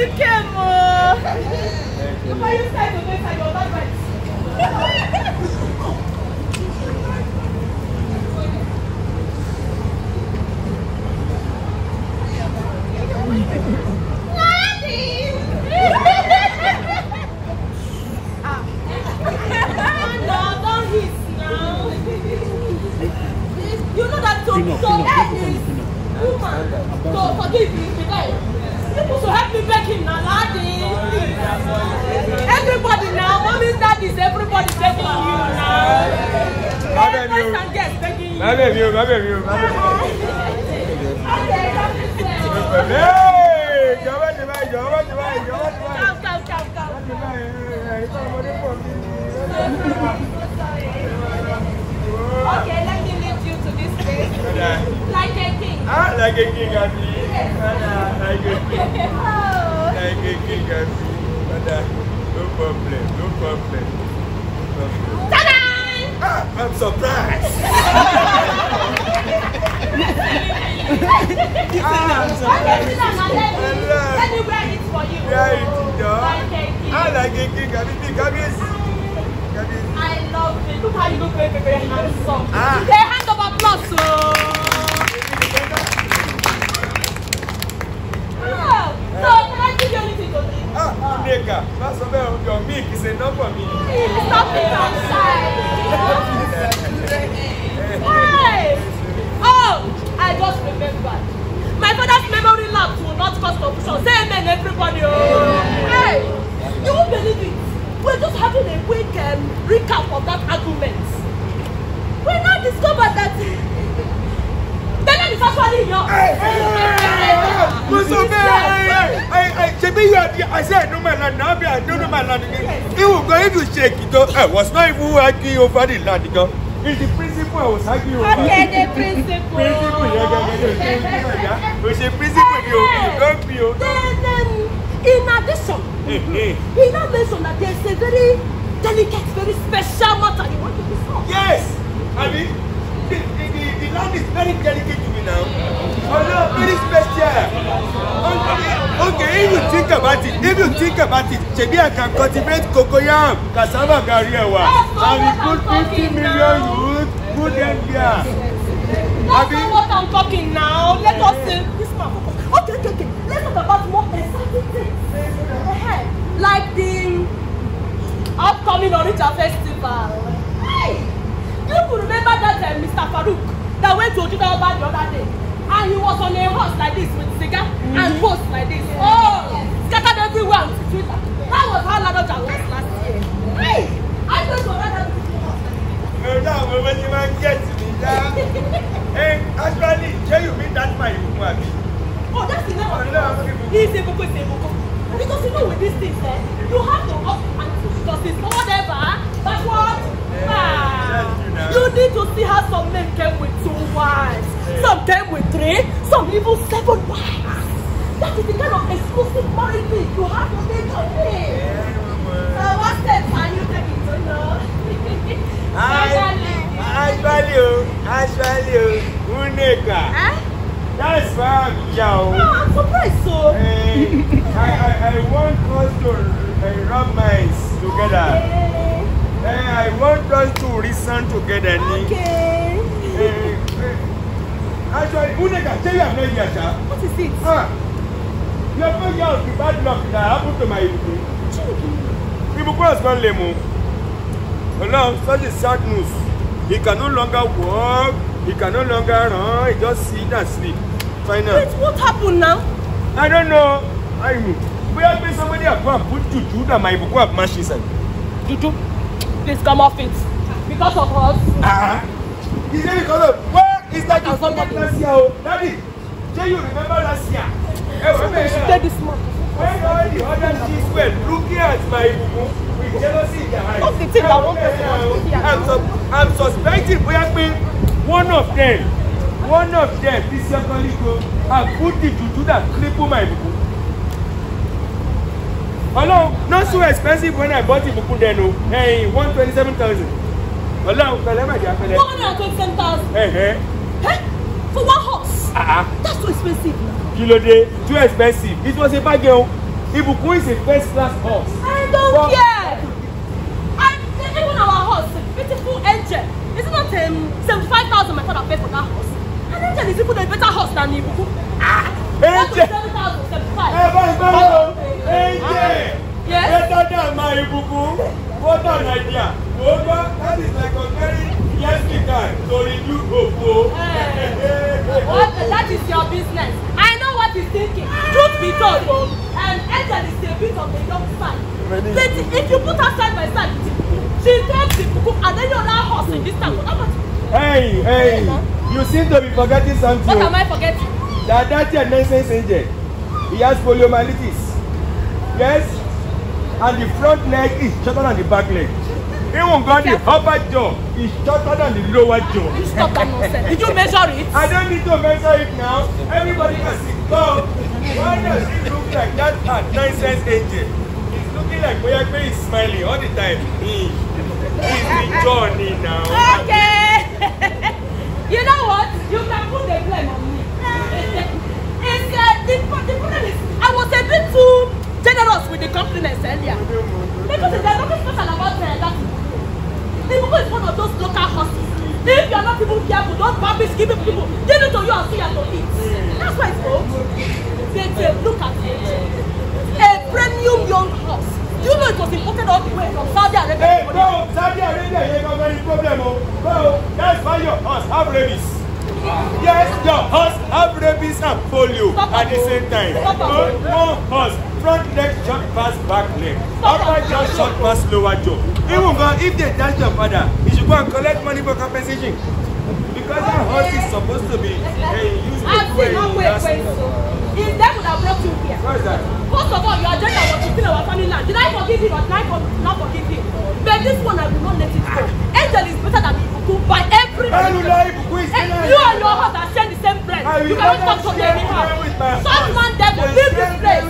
clean up, clean up, clean Woman, so forgive me, today. People should help me beg him now, Ladi. Everybody now, mommy, daddies, everybody begging you now. Everybody can get begging you. Mabẹ mi o, mabẹ mi o, mabẹ mi o. Okay, that's it. Hey, jọ̀wọ́ come on, come on, come on, come on. Come on, come on, come on. báyìí, ìtọ́ ọmọdé pọ̀ sí i. Like a king. Ah, like a king, I see. Yes. Ah, like a king. oh. Like a king, I see. But, no problem, no problem. No problem. Ta-da! Ah, I'm surprised. ah, I'm surprised. Anywhere it's for you. Yeah, it does. Like a king. Ah, like a king, I mean, the cabbage. I love it. Look how you look very, very handsome. Ah fún ah, ah, Oh, I just remembered. My father's memory lapse will not cause confusion. Say amen everybody o. Oh. You won't believe it. We're just having a quick um, recap of that argument discovered that Belen hey, hey, young. Mo sọ bẹ́ẹ̀ ṣebí yóò di àṣẹ ìdúnmọ̀lá náà bí àdúnmọ̀lá ni iwu gan idu ṣe èkìtọ́ ẹ̀ was not even argue over the land gan is the principle I was arguing over. Akẹ́dẹ́ principle. Principle yẹn gẹ́gẹ́ the oṣù ìyá oṣù principle ni Then, ìgbọ́n bí o. In addition, he now mentioned that there is a very delicate, very special matter you want to discuss. Yes mean, the the the land is very delicate to me now Oh no, very special okay okay. if you think about it if you think about it ṣebí I can cultivate cocoyam cassava garri ẹ̀wà and we put fifty million youth put them there. That's Abby? not what I'm talking now. Let us say this man. Okay, okay, okay. Let's talk about more exciting things. Like the upcoming Orija festival people remember that uh, Mr. Farouk that went to Ojuda Oba the other day and he was on a horse like this with cigar mm-hmm. and post like this yeah. oh yeah. scattered everywhere on Twitter that was how Ladoja was last year hey I don't know whether Mèrè àwọn ọmọ ní máa ń jẹ́ Hey, Actually, ṣé you meet that my ìbùkún Oh, that's the name of the book. He is a book, he a book. Because you know with these things, eh, you have to up and to justice or whatever. Backward, yeah. back. Ah. no. You need to see how some men came with two wives. Hey. Some came with three, some even seven wives. That is the kind of exclusive marriage you have to make on it. what's that what you are you taking to know? Actually, actually, oh. oh. Uneka. Huh? That's fine, Joe. Oh, no, I'm surprised, so. Hey, I, I, I want us to uh, rub my together. Okay. I want us to reason together. Okay. Actually, who did I tell you I'm not here, sir. What is it? Ah, you have found out bad luck that happened to my Ibuku. Ibuku has gone lame. But now, such a sad news. He can no longer walk, he can no longer run, he just sit and sleep. Final. Wait, what happened now? I don't know. I mean, we have been somebody have gone and put Juju that my Ibuku have mashed inside. Juju? Please come off it. Because of us. Uh-huh. Is it because of where is that you forget last year? Daddy, do you remember last year? Hey, remember, yeah. this month. When all the other kids were looking at my book with jealousy in their eyes. the thing that won't I'm, su I'm suspecting bóyá pé one of them, one of them, this year colleague, have put the juju that cripple my book ọlọ́run not so expensive when I bought ìbùkún dẹnu ẹ̀yìn one twenty seven thousand ọlọ́run pẹ̀lẹ́ bàjẹ́ apẹ̀lẹ́. one hundred and twenty seven thousand. ẹ̀hẹ́. for one horse. Uh-uh. that's too expensive. kí ló too expensive it was a bargain o ìbùkún is a first class horse. I don't but, care I even our horse beautiful angel is it um, seventy five thousand my father paid for that horse and angel is even a better horse than ìbùkún. ah angel. one to seven thousand seventy five. ẹ bá ń gbọ́ lọ. Angel, better than my Ibuku, what an idea. Over, that is like a very yes guy, so you go for. What? That is your business. I know what he's thinking. Truth be told, um, Angel is a bit of a young fan. But if you put her side by side, she takes Ibuku and then you're that horse in this town. Hey, hey, you seem to be forgetting something. What oh. am I forgetting? That dirty and nonsense angel. He has poliomyelitis. Yes. And the front leg is shorter than the back leg. Even got the upper jaw is shorter than the lower jaw. You stop that Did you measure it? I don't need to measure it now. Everybody can see God. Why does it look like that at 9 cents a It's looking like Boya Gbe is smiling all the time. He's in Johnny now. Okay. you know what? You can put the blame on me. it's, uh, the, the problem is, I was a bit too generous with the compliments earlier. Because there is nothing special about uh, that. Ibuku is one of those local horses. If you are not even careful, those babies giving people, they do to you as you are to eat. That's why, folks, they, they look at it. A premium young horse. Do you know it was imported all the way from Saudi Arabia? Hey, no, Saudi Arabia, you got any problem, oh. Well, that's why your horse have rabies. Yes, your horse have rabies and polio Papa, at the same time. Papa, no, no horse front leg short pass back leg upper jaw short pass lower jaw even gan if they dash your father you should go and collect money for compensation because that horse is supposed to be uh, used to do a investment. If that would have brought you here. First of all, your agenda was to kill our family land. Did I forgive him or did I for not forgive him? But this one, I will not let it go. Angel is better than Ibuku by every And eh, you and your husband share the same bread. You cannot talk to me anyhow. Some man devil, leave this place.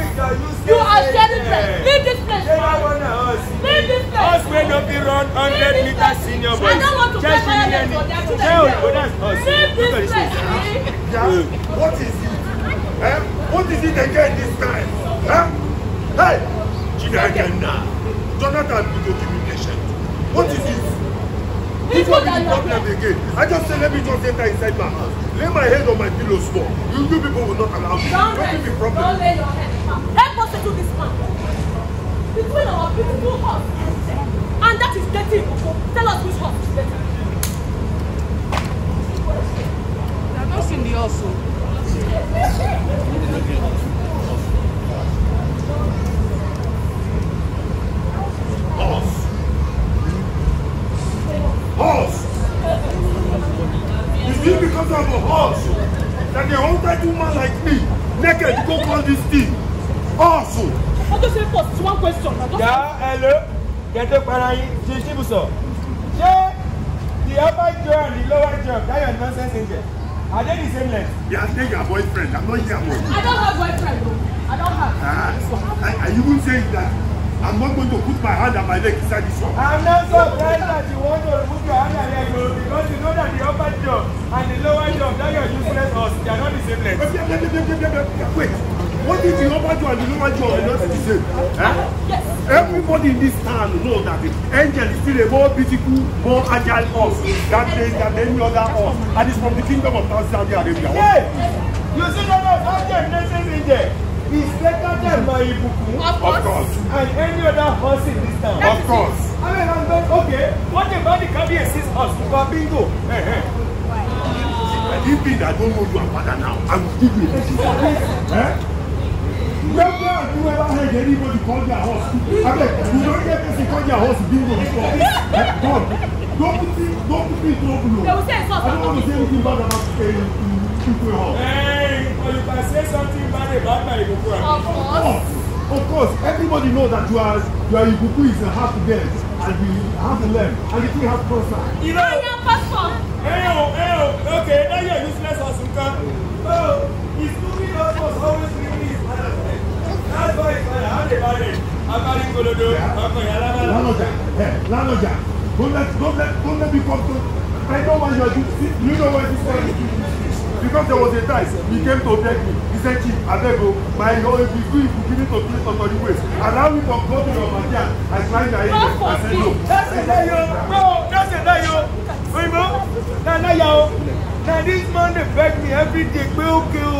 You are sharing bread. Leave this place, Leave this place. Us may not be run 100 meters senior boys. I don't want to pay violence for their children. Leave this place, What is it? Eh? What is it again this time? Hey! Chidakena! Jonathan have give me patient. What is this? This will be the problem again? I just say, let me just enter inside my house. Lay my head on my pillow small. You two people will not allow me. Don't what is problem? Don't lay your head down. Help us settle this man. Between our beautiful house and that is getting. Ikoko. Tell us which house is better. They are not in the also. horse. Horse. It's still because I'm a horse that a haunted woman like me naked go call this thing horse. I just say first one question. Yeah, hello. Get Kẹ̀tẹ́ para yín ṣe ṣíbùsọ̀. Ṣé the upper jaw and the lower jaw that your nonsense angel? Are they the same length? Yeah, are your boyfriend. I'm not your boy. I don't have boyfriend though. I don't have. Ah, I, I even say that. I'm not going to put my hand and my leg inside this one. I'm not surprised that you want to put your hand and leg because you know that the upper jaw and the lower jaw that you're useless us, they are not the same legs. Wait, what if the upper jaw and the lower jaw are not the same? Huh? Yes. Everybody in this town knows that the angel is still a more beautiful, more agile horse than, they, than any other horse. And it's from the kingdom of Saudi Arabia. Yes! You see, that horse? how can in there? is better than my ibukun. Of course. And any other horse in this town. Of course. I mean, I'm okay, what about the Kabiyesi's horse, Kuka Bingo? If it, I don't know you are eh, eh. father now. I will give you a message. Eh? Never have you ever heard anybody call their horse. I mean, you don't get person call their horse bingo before. Eh? God, don't put me, don't put me in trouble. They I don't want to say anything bad about uh, of course. Of course, everybody knows that you are, you are Ibuku is a half dead, and you have the lamb, and you still have pastor. You know, I am pastor. Hey, oh, hey, oh, okay, now you're useless as you can. Oh, he's movie host was always bringing his father. That's why his father had a marriage. Abari Kolodo, to Yalaba. Lanoja, hey, Lanoja, don't let, don't let, don't let me come to. I know what you're doing this. You know what this doing? because there was a time he came to beg me he said chief abeg my your if you do if you give me to clean totori to waste allow me to go to your backyard i climb my head i say no. lọ́sẹ̀dáyọ̀ bro lọ́sẹ̀dáyọ̀ oyinbo nanaya o na this man dey beg me every day pe oke o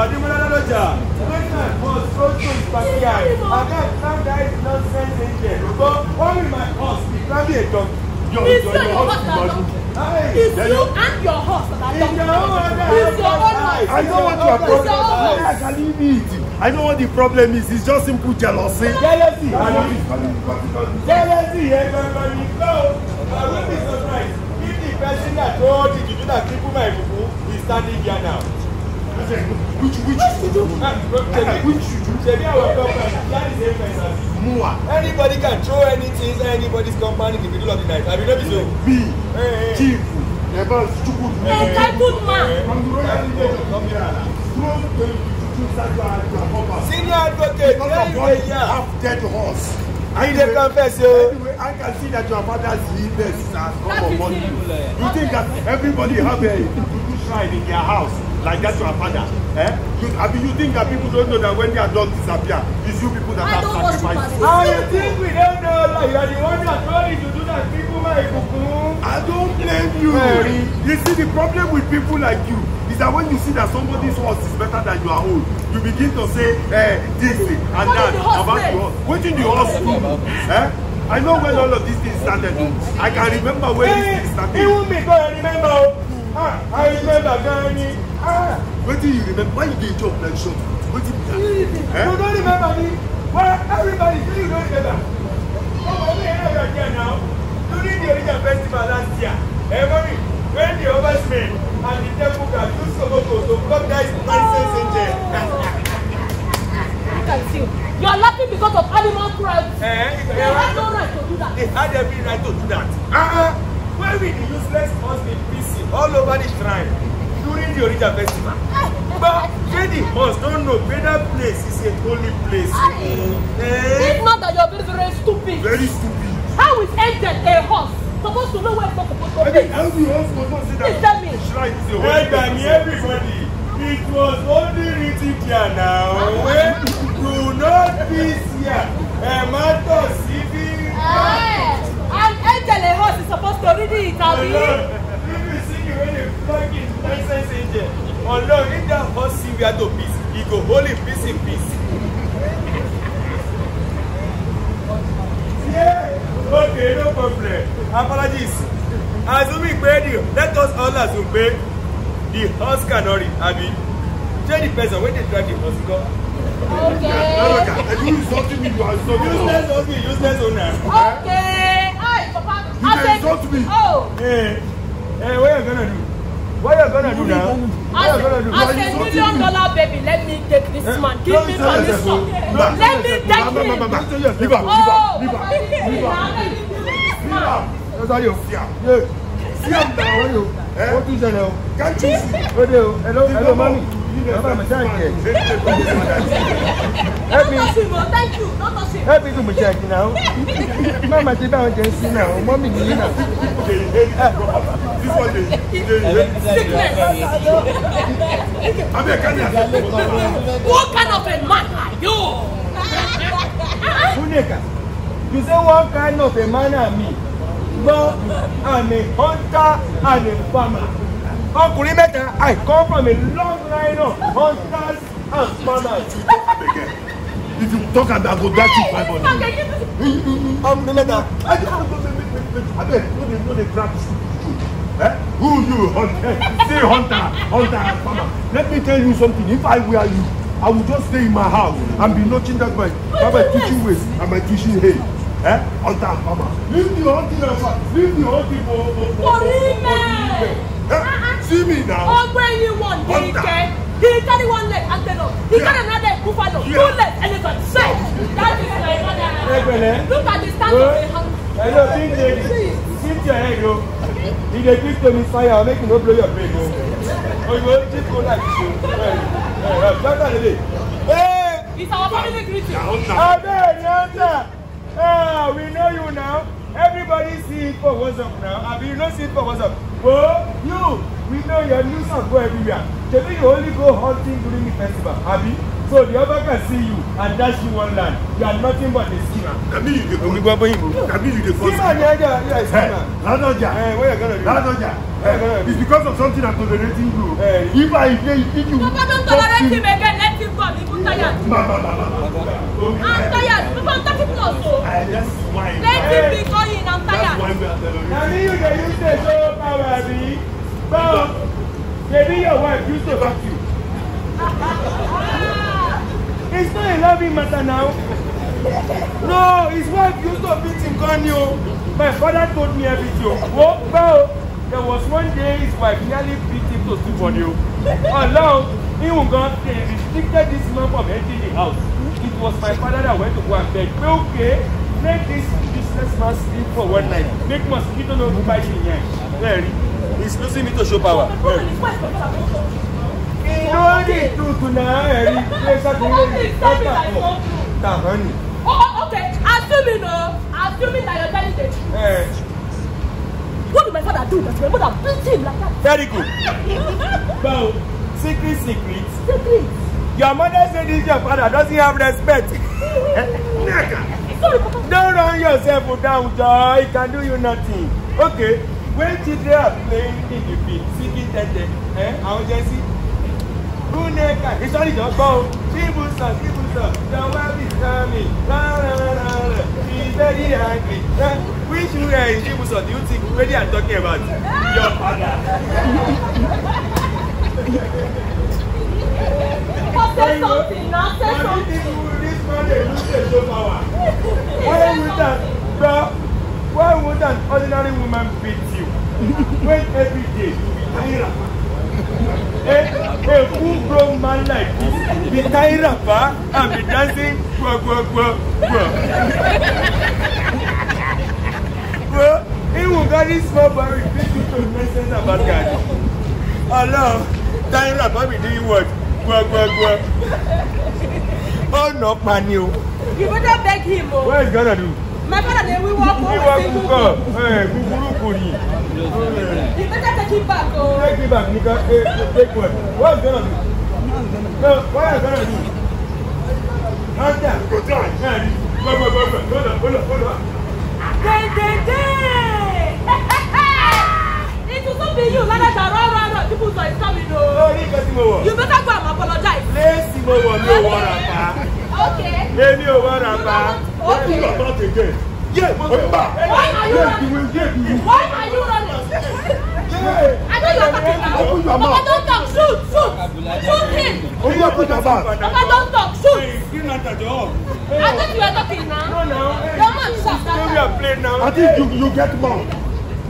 adigunla ah, lọ́jà when my boss go to his backyard i get calm down his nonsense there. but only my boss be carry a dog your your your husband body. It's you and your horse that are talking. It's your own horse. I know what your problem is. I can leave it. I know what the problem is. It's just simple jealousy. Jealousy. Jealousy. I will be surprised if the person that told you to do that people might be standing here now. Which which you do? Which you do? Ṣebí Anybody can throw anything inside anybody's company in the middle of the night. I mean, no be so. Me. Chief. Ẹ̀bá ṣubú. Ẹ̀ka good man. Senior advocate, where you Half dead horse. I confess Anyway, I can see that your father's illness has come upon you. You think that everybody have a good shrine in their house? like that your father eh you abi you think that people don't know that when their dog disappear it's you people that I have sacrificed. how ah, you think we don't know like you are the one that told to do that people wey ikukun. i don't blame you Mary. you see the problem with people like you is that when you see that somebody's horse is better than your own you begin to say eh this and what that about your horse wetin the horse do eh i know when all of these things started i can remember when hey, this thing started. even me go remember oh ah i remember gani ah wetin you remember why you dey chop like shop wetin be that. you no eh? remember me well everybody Do you no remember come on make i help you now during the original festival last year every eh, when the oversmen and the temple guard do soboko to block that nonsense angel. look at you you are laughing because of animal cruelty. Eh, they yeah. have no right to do that. they had every right to do that. Uh -uh. when we the useless husband all over the shrine during the Orija festival. But lady must don't know whether place is a holy place. Hey. Eh? If not that you're very, very stupid. Very stupid. How is angel a horse? Supposed to know where it's supposed to be. Okay, how do horse supposed to that? Tell me. Shrine is a holy place. Well, me everybody. It was only written here now. Eh? Do not be here. A matter civil. An angel a horse is supposed to read it, Abi. Thank you. Thanks, thanks, Oh Lord, if that horse see we are to peace, he go hold peace in peace. yeah. Okay, no problem. Apologies. Assuming pay let us all assume pay the horse cannot read, Abi. Tell the person when they drive the horse, go. Okay. No, no, no. You insult me, you are me. Useless husband, useless Okay. Hey, You insult me. Oh. Hey, eh. eh, hey, what are you gonna do? What are you gonna do now? As, a million dollar baby, let me take this eh, man. Give me permission. Let me take him. Leave him. Oh, leave him. Leave him. That's how you fear. Yeah. Fear now, you. Eh? What is that now? Can't you see? Hello, hello, hello, mommy. Help me. Thank to my check now. Mama, they bound to now. Mommy, you know. This one, they sickness. I'm a What kind of a man are you? Funeka, you say what kind of a man are me? No, I'm a hunter and a farmer ọkùnrin mẹ́ta I come from a long line of hunters and farmers. if you talk and i go dash you five hundred. ọkùnrin mẹ́ta Eh? Who you hunter? Say hunter, hunter and farmer. Let me tell you something. If I were you, I would just stay in my house and be notching that my, my teaching ways and my teaching hay. Eh? Hunter and farmer. Leave the hunting and farmer. Leave the hunting for for for for for, for, for, for, for, for, for, for, for Uh-huh. See me now. Oh, when you want, he can. He one leg and then He got another leg, buffalo. Two legs, elephant. Say, that is my mother. Look at the stand of the house. Hello, Cynthia. Cynthia, hey, yo. You dey quick to miss fire, make you not blow your brain, yo. Oh, you go keep go like this, yo. Hey, hey, hey, don't tell me. Hey! It's our family greeting. Abeg, Nyanta. Ah, we know you now. Everybody see it for WhatsApp now. I you don't see it for WhatsApp. Oh, you, we know your news and go everywhere. Maybe you only go hunting during the festival, Abi. So the other can see you and dash you one land. You are nothing but a schemer. Abi, you the only go up him. Abi, you dey force. Schemer, yeah, yeah, yeah, schemer. Ladoja. Hey, what you gonna do? Ladoja. Hey, it's because of something that's tolerating you. Hey. If I play, if you. Papa, don't tolerate him again. Let him go. He will Ma ma ma ma. I'm tired. Papa, I'm tired let him be going i'm tired. na me you dey use dey show power abi báwo baby your wife used to back you. it's not a loving matter now. no his wife used to beat him gun you my father told me everything o Well, there was one day his wife nearly beat him to sleep on you. ọlọ́run ihun gan dey restricted this man from entering the house. It was my father that went to go and beg me, okay, let this businessman sleep for one night. Make mosquito no bite in here. Very. is losing me to show power. Very. Iná ní ìtutù náà ẹ̀rí lẹ́sà tó lé ní ìtàkà pọ̀ tàbọ̀ ni. Oh, okay, assuming no, assuming that your daddy dey true. Eh. What did my father do that my mother beat him like that? Very good. Well, secret secret. Secret. Your mother said this, your father doesn't have respect. Don't run yourself down, joy. It can do you nothing. Okay. When children are playing in the field, singing tete, eh? I will just see. Who neka? It's only your bow. Shibusa, Shibusa, your web is coming. La la la la She's very angry. Eh, which one is Shibusa? Do you think really are talking about? Your father. Say something now, say something. this money lose their so power? Why would that, bro? Why would that ordinary woman beat you? When every day you be tired. Eh, a, a full grown man like this be tired of her and be dancing bro, bro, bro, bro. bro, he will carry small barrel, please do to message about God. Hello, tired of her be doing what? gbẹgbẹgbẹ. Oh no, pani o. Oh. You better beg him o. Oh. What is gonna do? My father dey wíwọ́ kó wọ́n ti kúkọ. Kúkúrú kò ní. You better take him back o. Oh. Take him back nika take one. What is gonna do? No, what is gonna do? Handa. go, tí a ní náà ní. Gbọ́gbọ́gbọ́gbọ́. Lọ́dọ̀ lọ́dọ̀ lọ́dọ̀. Dèndèndé! It will not be you, Lada Tarora people sọ coming o. Oh. orí nǹkan tí mo you better go and apologize. léèsì me wọ̀ mi ò wọ̀ rà Okay. ok. me ò wọ̀ rà pa. ok. èmi ò tọ́ tẹ̀gẹ̀. why are you running. why are you running. I know you're talking now. Open your mouth. Papa don't talk. Shoot, shoot. Shoot him. Open your mouth. Papa don't talk. Shoot. I thought you were talking now. No, no. we are playing now. I think you, you get mad.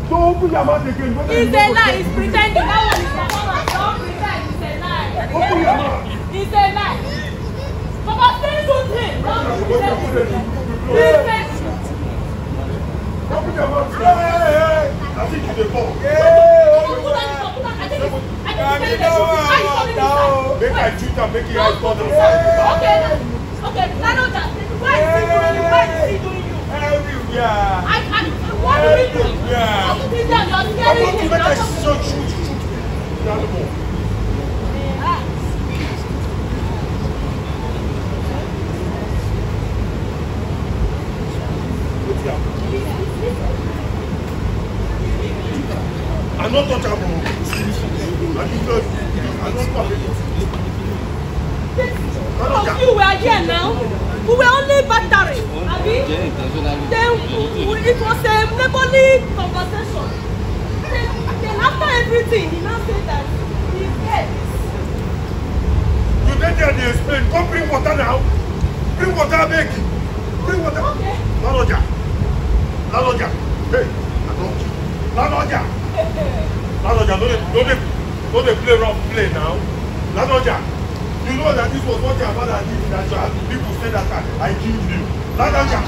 So open your mouth again. It's a lie. It's pretending. That one is performance. Don't pretend. It's a lie. Open your mouth. It's a lie. Papa, say something. Don't pretend. It's a Open your mouth. Hey, I think you're the ball. Hey, open your mouth. I think it's... I think it's... I think it's... Make my Twitter, make your eyes bother. Okay, okay. Now know that. Why is he doing you? Why is he doing you? Everywhere. I, I, worrying you. Yeah. I'm sitting there, you're scaring me. I'm not so true, true, true. Animal. I'm not touchable. I'm because I'm not touchable. Because you were here now we were only boundary abi then we, it was a neighborly conversation then, then after everything he now said that he get. you went there They explained. come bring water now bring water abeg bring water. Okay. laloja laloja hey adoji laloja laloja no dey don't dey no dey play rough play now laloja. You know that this was what your father did that you had people say that ah, I killed you. Ladaja.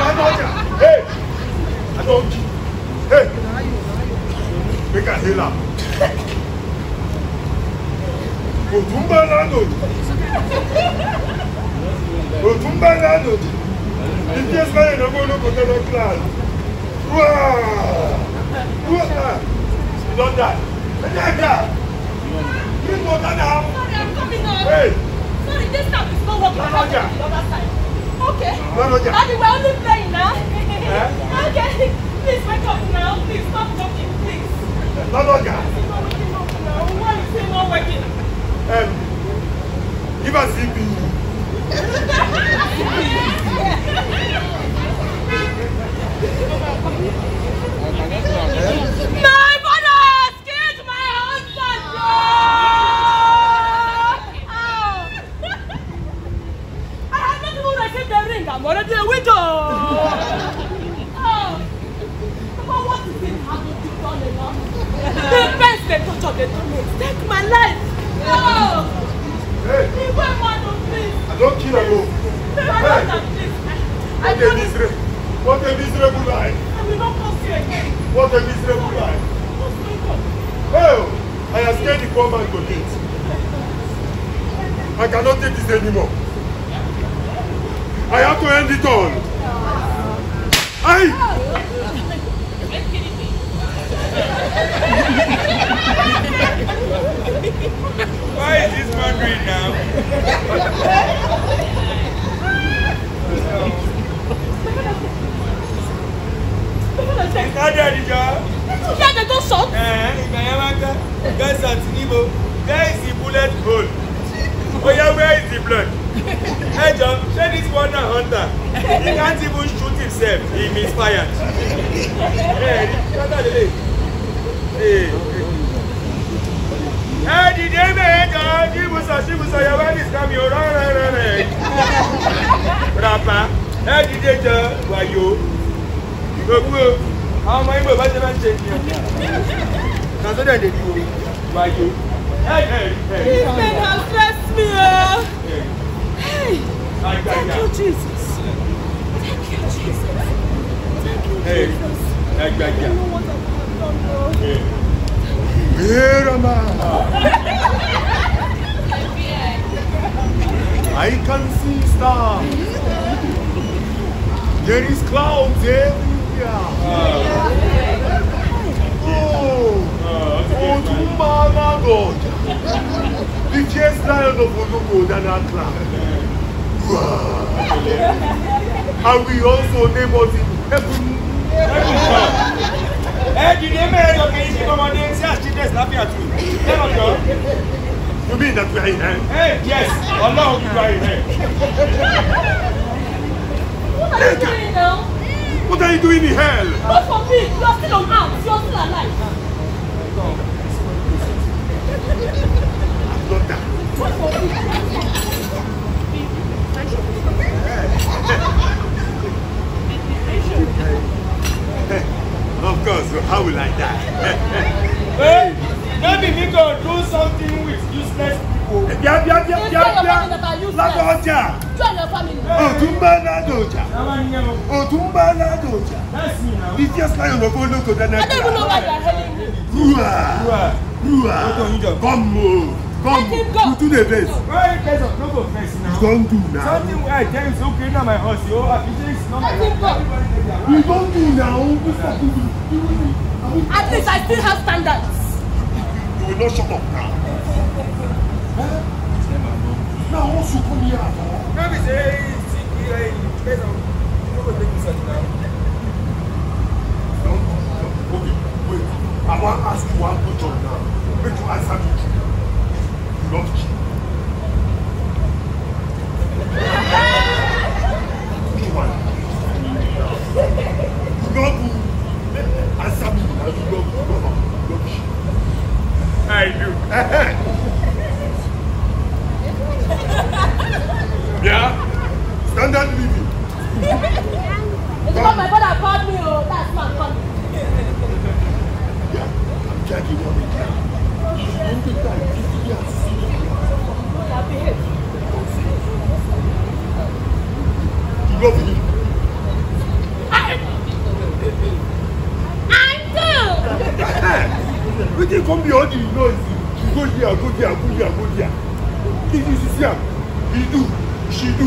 Ladaja. Hey. I don't kill. Hey. Make a hela. Otumba landlord. Otumba lando. If you yes, man, you go to at the clan. Wow. Wow. Don't die. You go down now. Sorry, I'm coming now. Hey. Sorry, this time is not working. Not the other side. Okay. No, no, yeah. Daddy, we're only playing now. Eh? Okay. Please wake up now. Please stop talking, please. No, no, yeah. It's not waking Why is it not working? Um, give us sleeping. Ma! I'm already a widow. oh, come on! what is this happening to Don enough? the best they touch of the tunnel take my life. No. Hey. Leave my man on please. I don't kill alone. Hey! my What a miserable, what a miserable life. I will not curse you again. What a miserable life. Well, I have scared the poor man to date. I cannot take this anymore. I have to end it all. I. Why is this man green now? Eh, guys at Nibo, there is the bullet hole. Oh yeah, where is the blood? Hey John, share this wonder hunter. He can't even shoot himself. He misfired. Hey, hey. Hey, did you make John? She was a she was a your wife is coming. Run, run, run, run. Rapper. Hey, did you John? Why you? You go go. How my boy, what's your name? Now so then they do. Why you? Hey, hey, hey. This man has stressed me. Yeah. Oh. you. Thank you, Jesus. Thank you, Jesus. Thank you, Jesus. I don't know what I've done, Lord. Here am I. I can see stars. There is clouds everywhere. Eh? Oh, oh, Tumba God. The chest dialed of Odugo than our cloud. and we also neighbor in heaven. Ẹ dìde mẹ́rẹ̀ẹ́dọ̀ kì í ṣe ọmọdé tí àṣìṣe láfíà tù. Ẹ lọ́jọ́. You mean that we are in hell? Hey, yes, Allah will be right in hell. What are you doing now? What are you doing in hell? Not for me, you are still on earth, you are still alive. I'm Not that. Not for me. Of course, how will I die? hey, maybe we go do something with useless people. Bia, bia, bia, bia, bia. Lábọ̀ ọjà. Òtúnbá ládò ọjà. Òtúnbá ládò ọjà. It's just like you're going to go to the next. I don't even know why you're telling me. Rua. Rua. Rua. Come on. Come, you do the best. Why you guys are not offense now? You don't do now. Something I tell you is okay, now. my horse. You are it's not my horse. You don't do now. At least I still have standards. You will not shut up now. Now, what should come here, now we say, based on, you know what they do Okay, wait. I want to ask you one question now. Make you answer me. I do. yeah? Standard living. It's my brother called me, oh, that's Yeah, I'm Jackie Robin. She's going to die 50 glove yìí. Àǹtí. Wetin come be all the noise? You go there, go there, go there, go there. This is this am. He do, she do,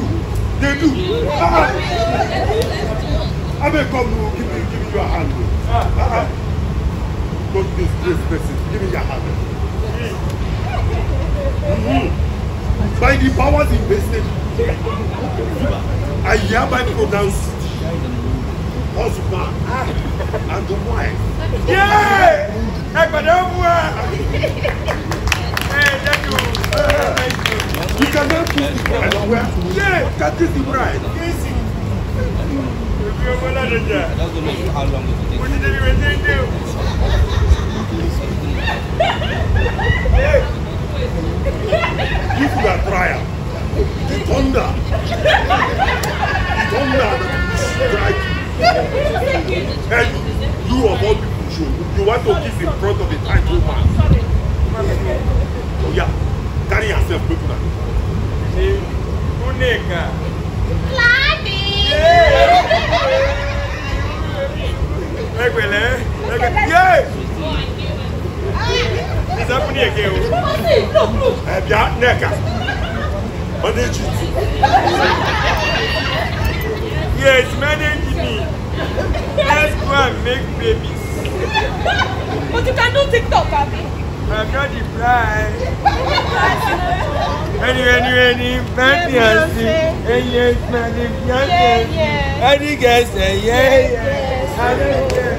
they do. Abeg come o, give me give me your hand o. Don't disgrace person, give me your hand. Mm -hmm. By the powers invested. I hereby pronounce husband ah. and the wife. Yay! Ekbadewa! Hey, thank you. Uh, thank you. You cannot kiss the anywhere. Yeah, you can kiss the bride. Kiss him. That doesn't make how long it takes. What did they do? Hey! You could have trial the thunder, the thunder that will strike you. And you of all people should, you want to give in front of a title man. Oh yeah, carry yourself, people. Unica. Climbing. Ẹ pẹ̀lẹ́, ẹ pẹ̀lẹ́, yé! Ìsákúnì èké o. Ẹ̀bíà nẹ̀ka manage it. yes, manage me. Let's go and make babies. But you can do TikTok, baby. I'm not the bride. anyway, anyway, anyway, my fiancé. yes, my fiancé. Yeah, yeah. Any guys say, yeah, yeah. yeah. yeah. yeah. yeah. yeah. yeah. yeah.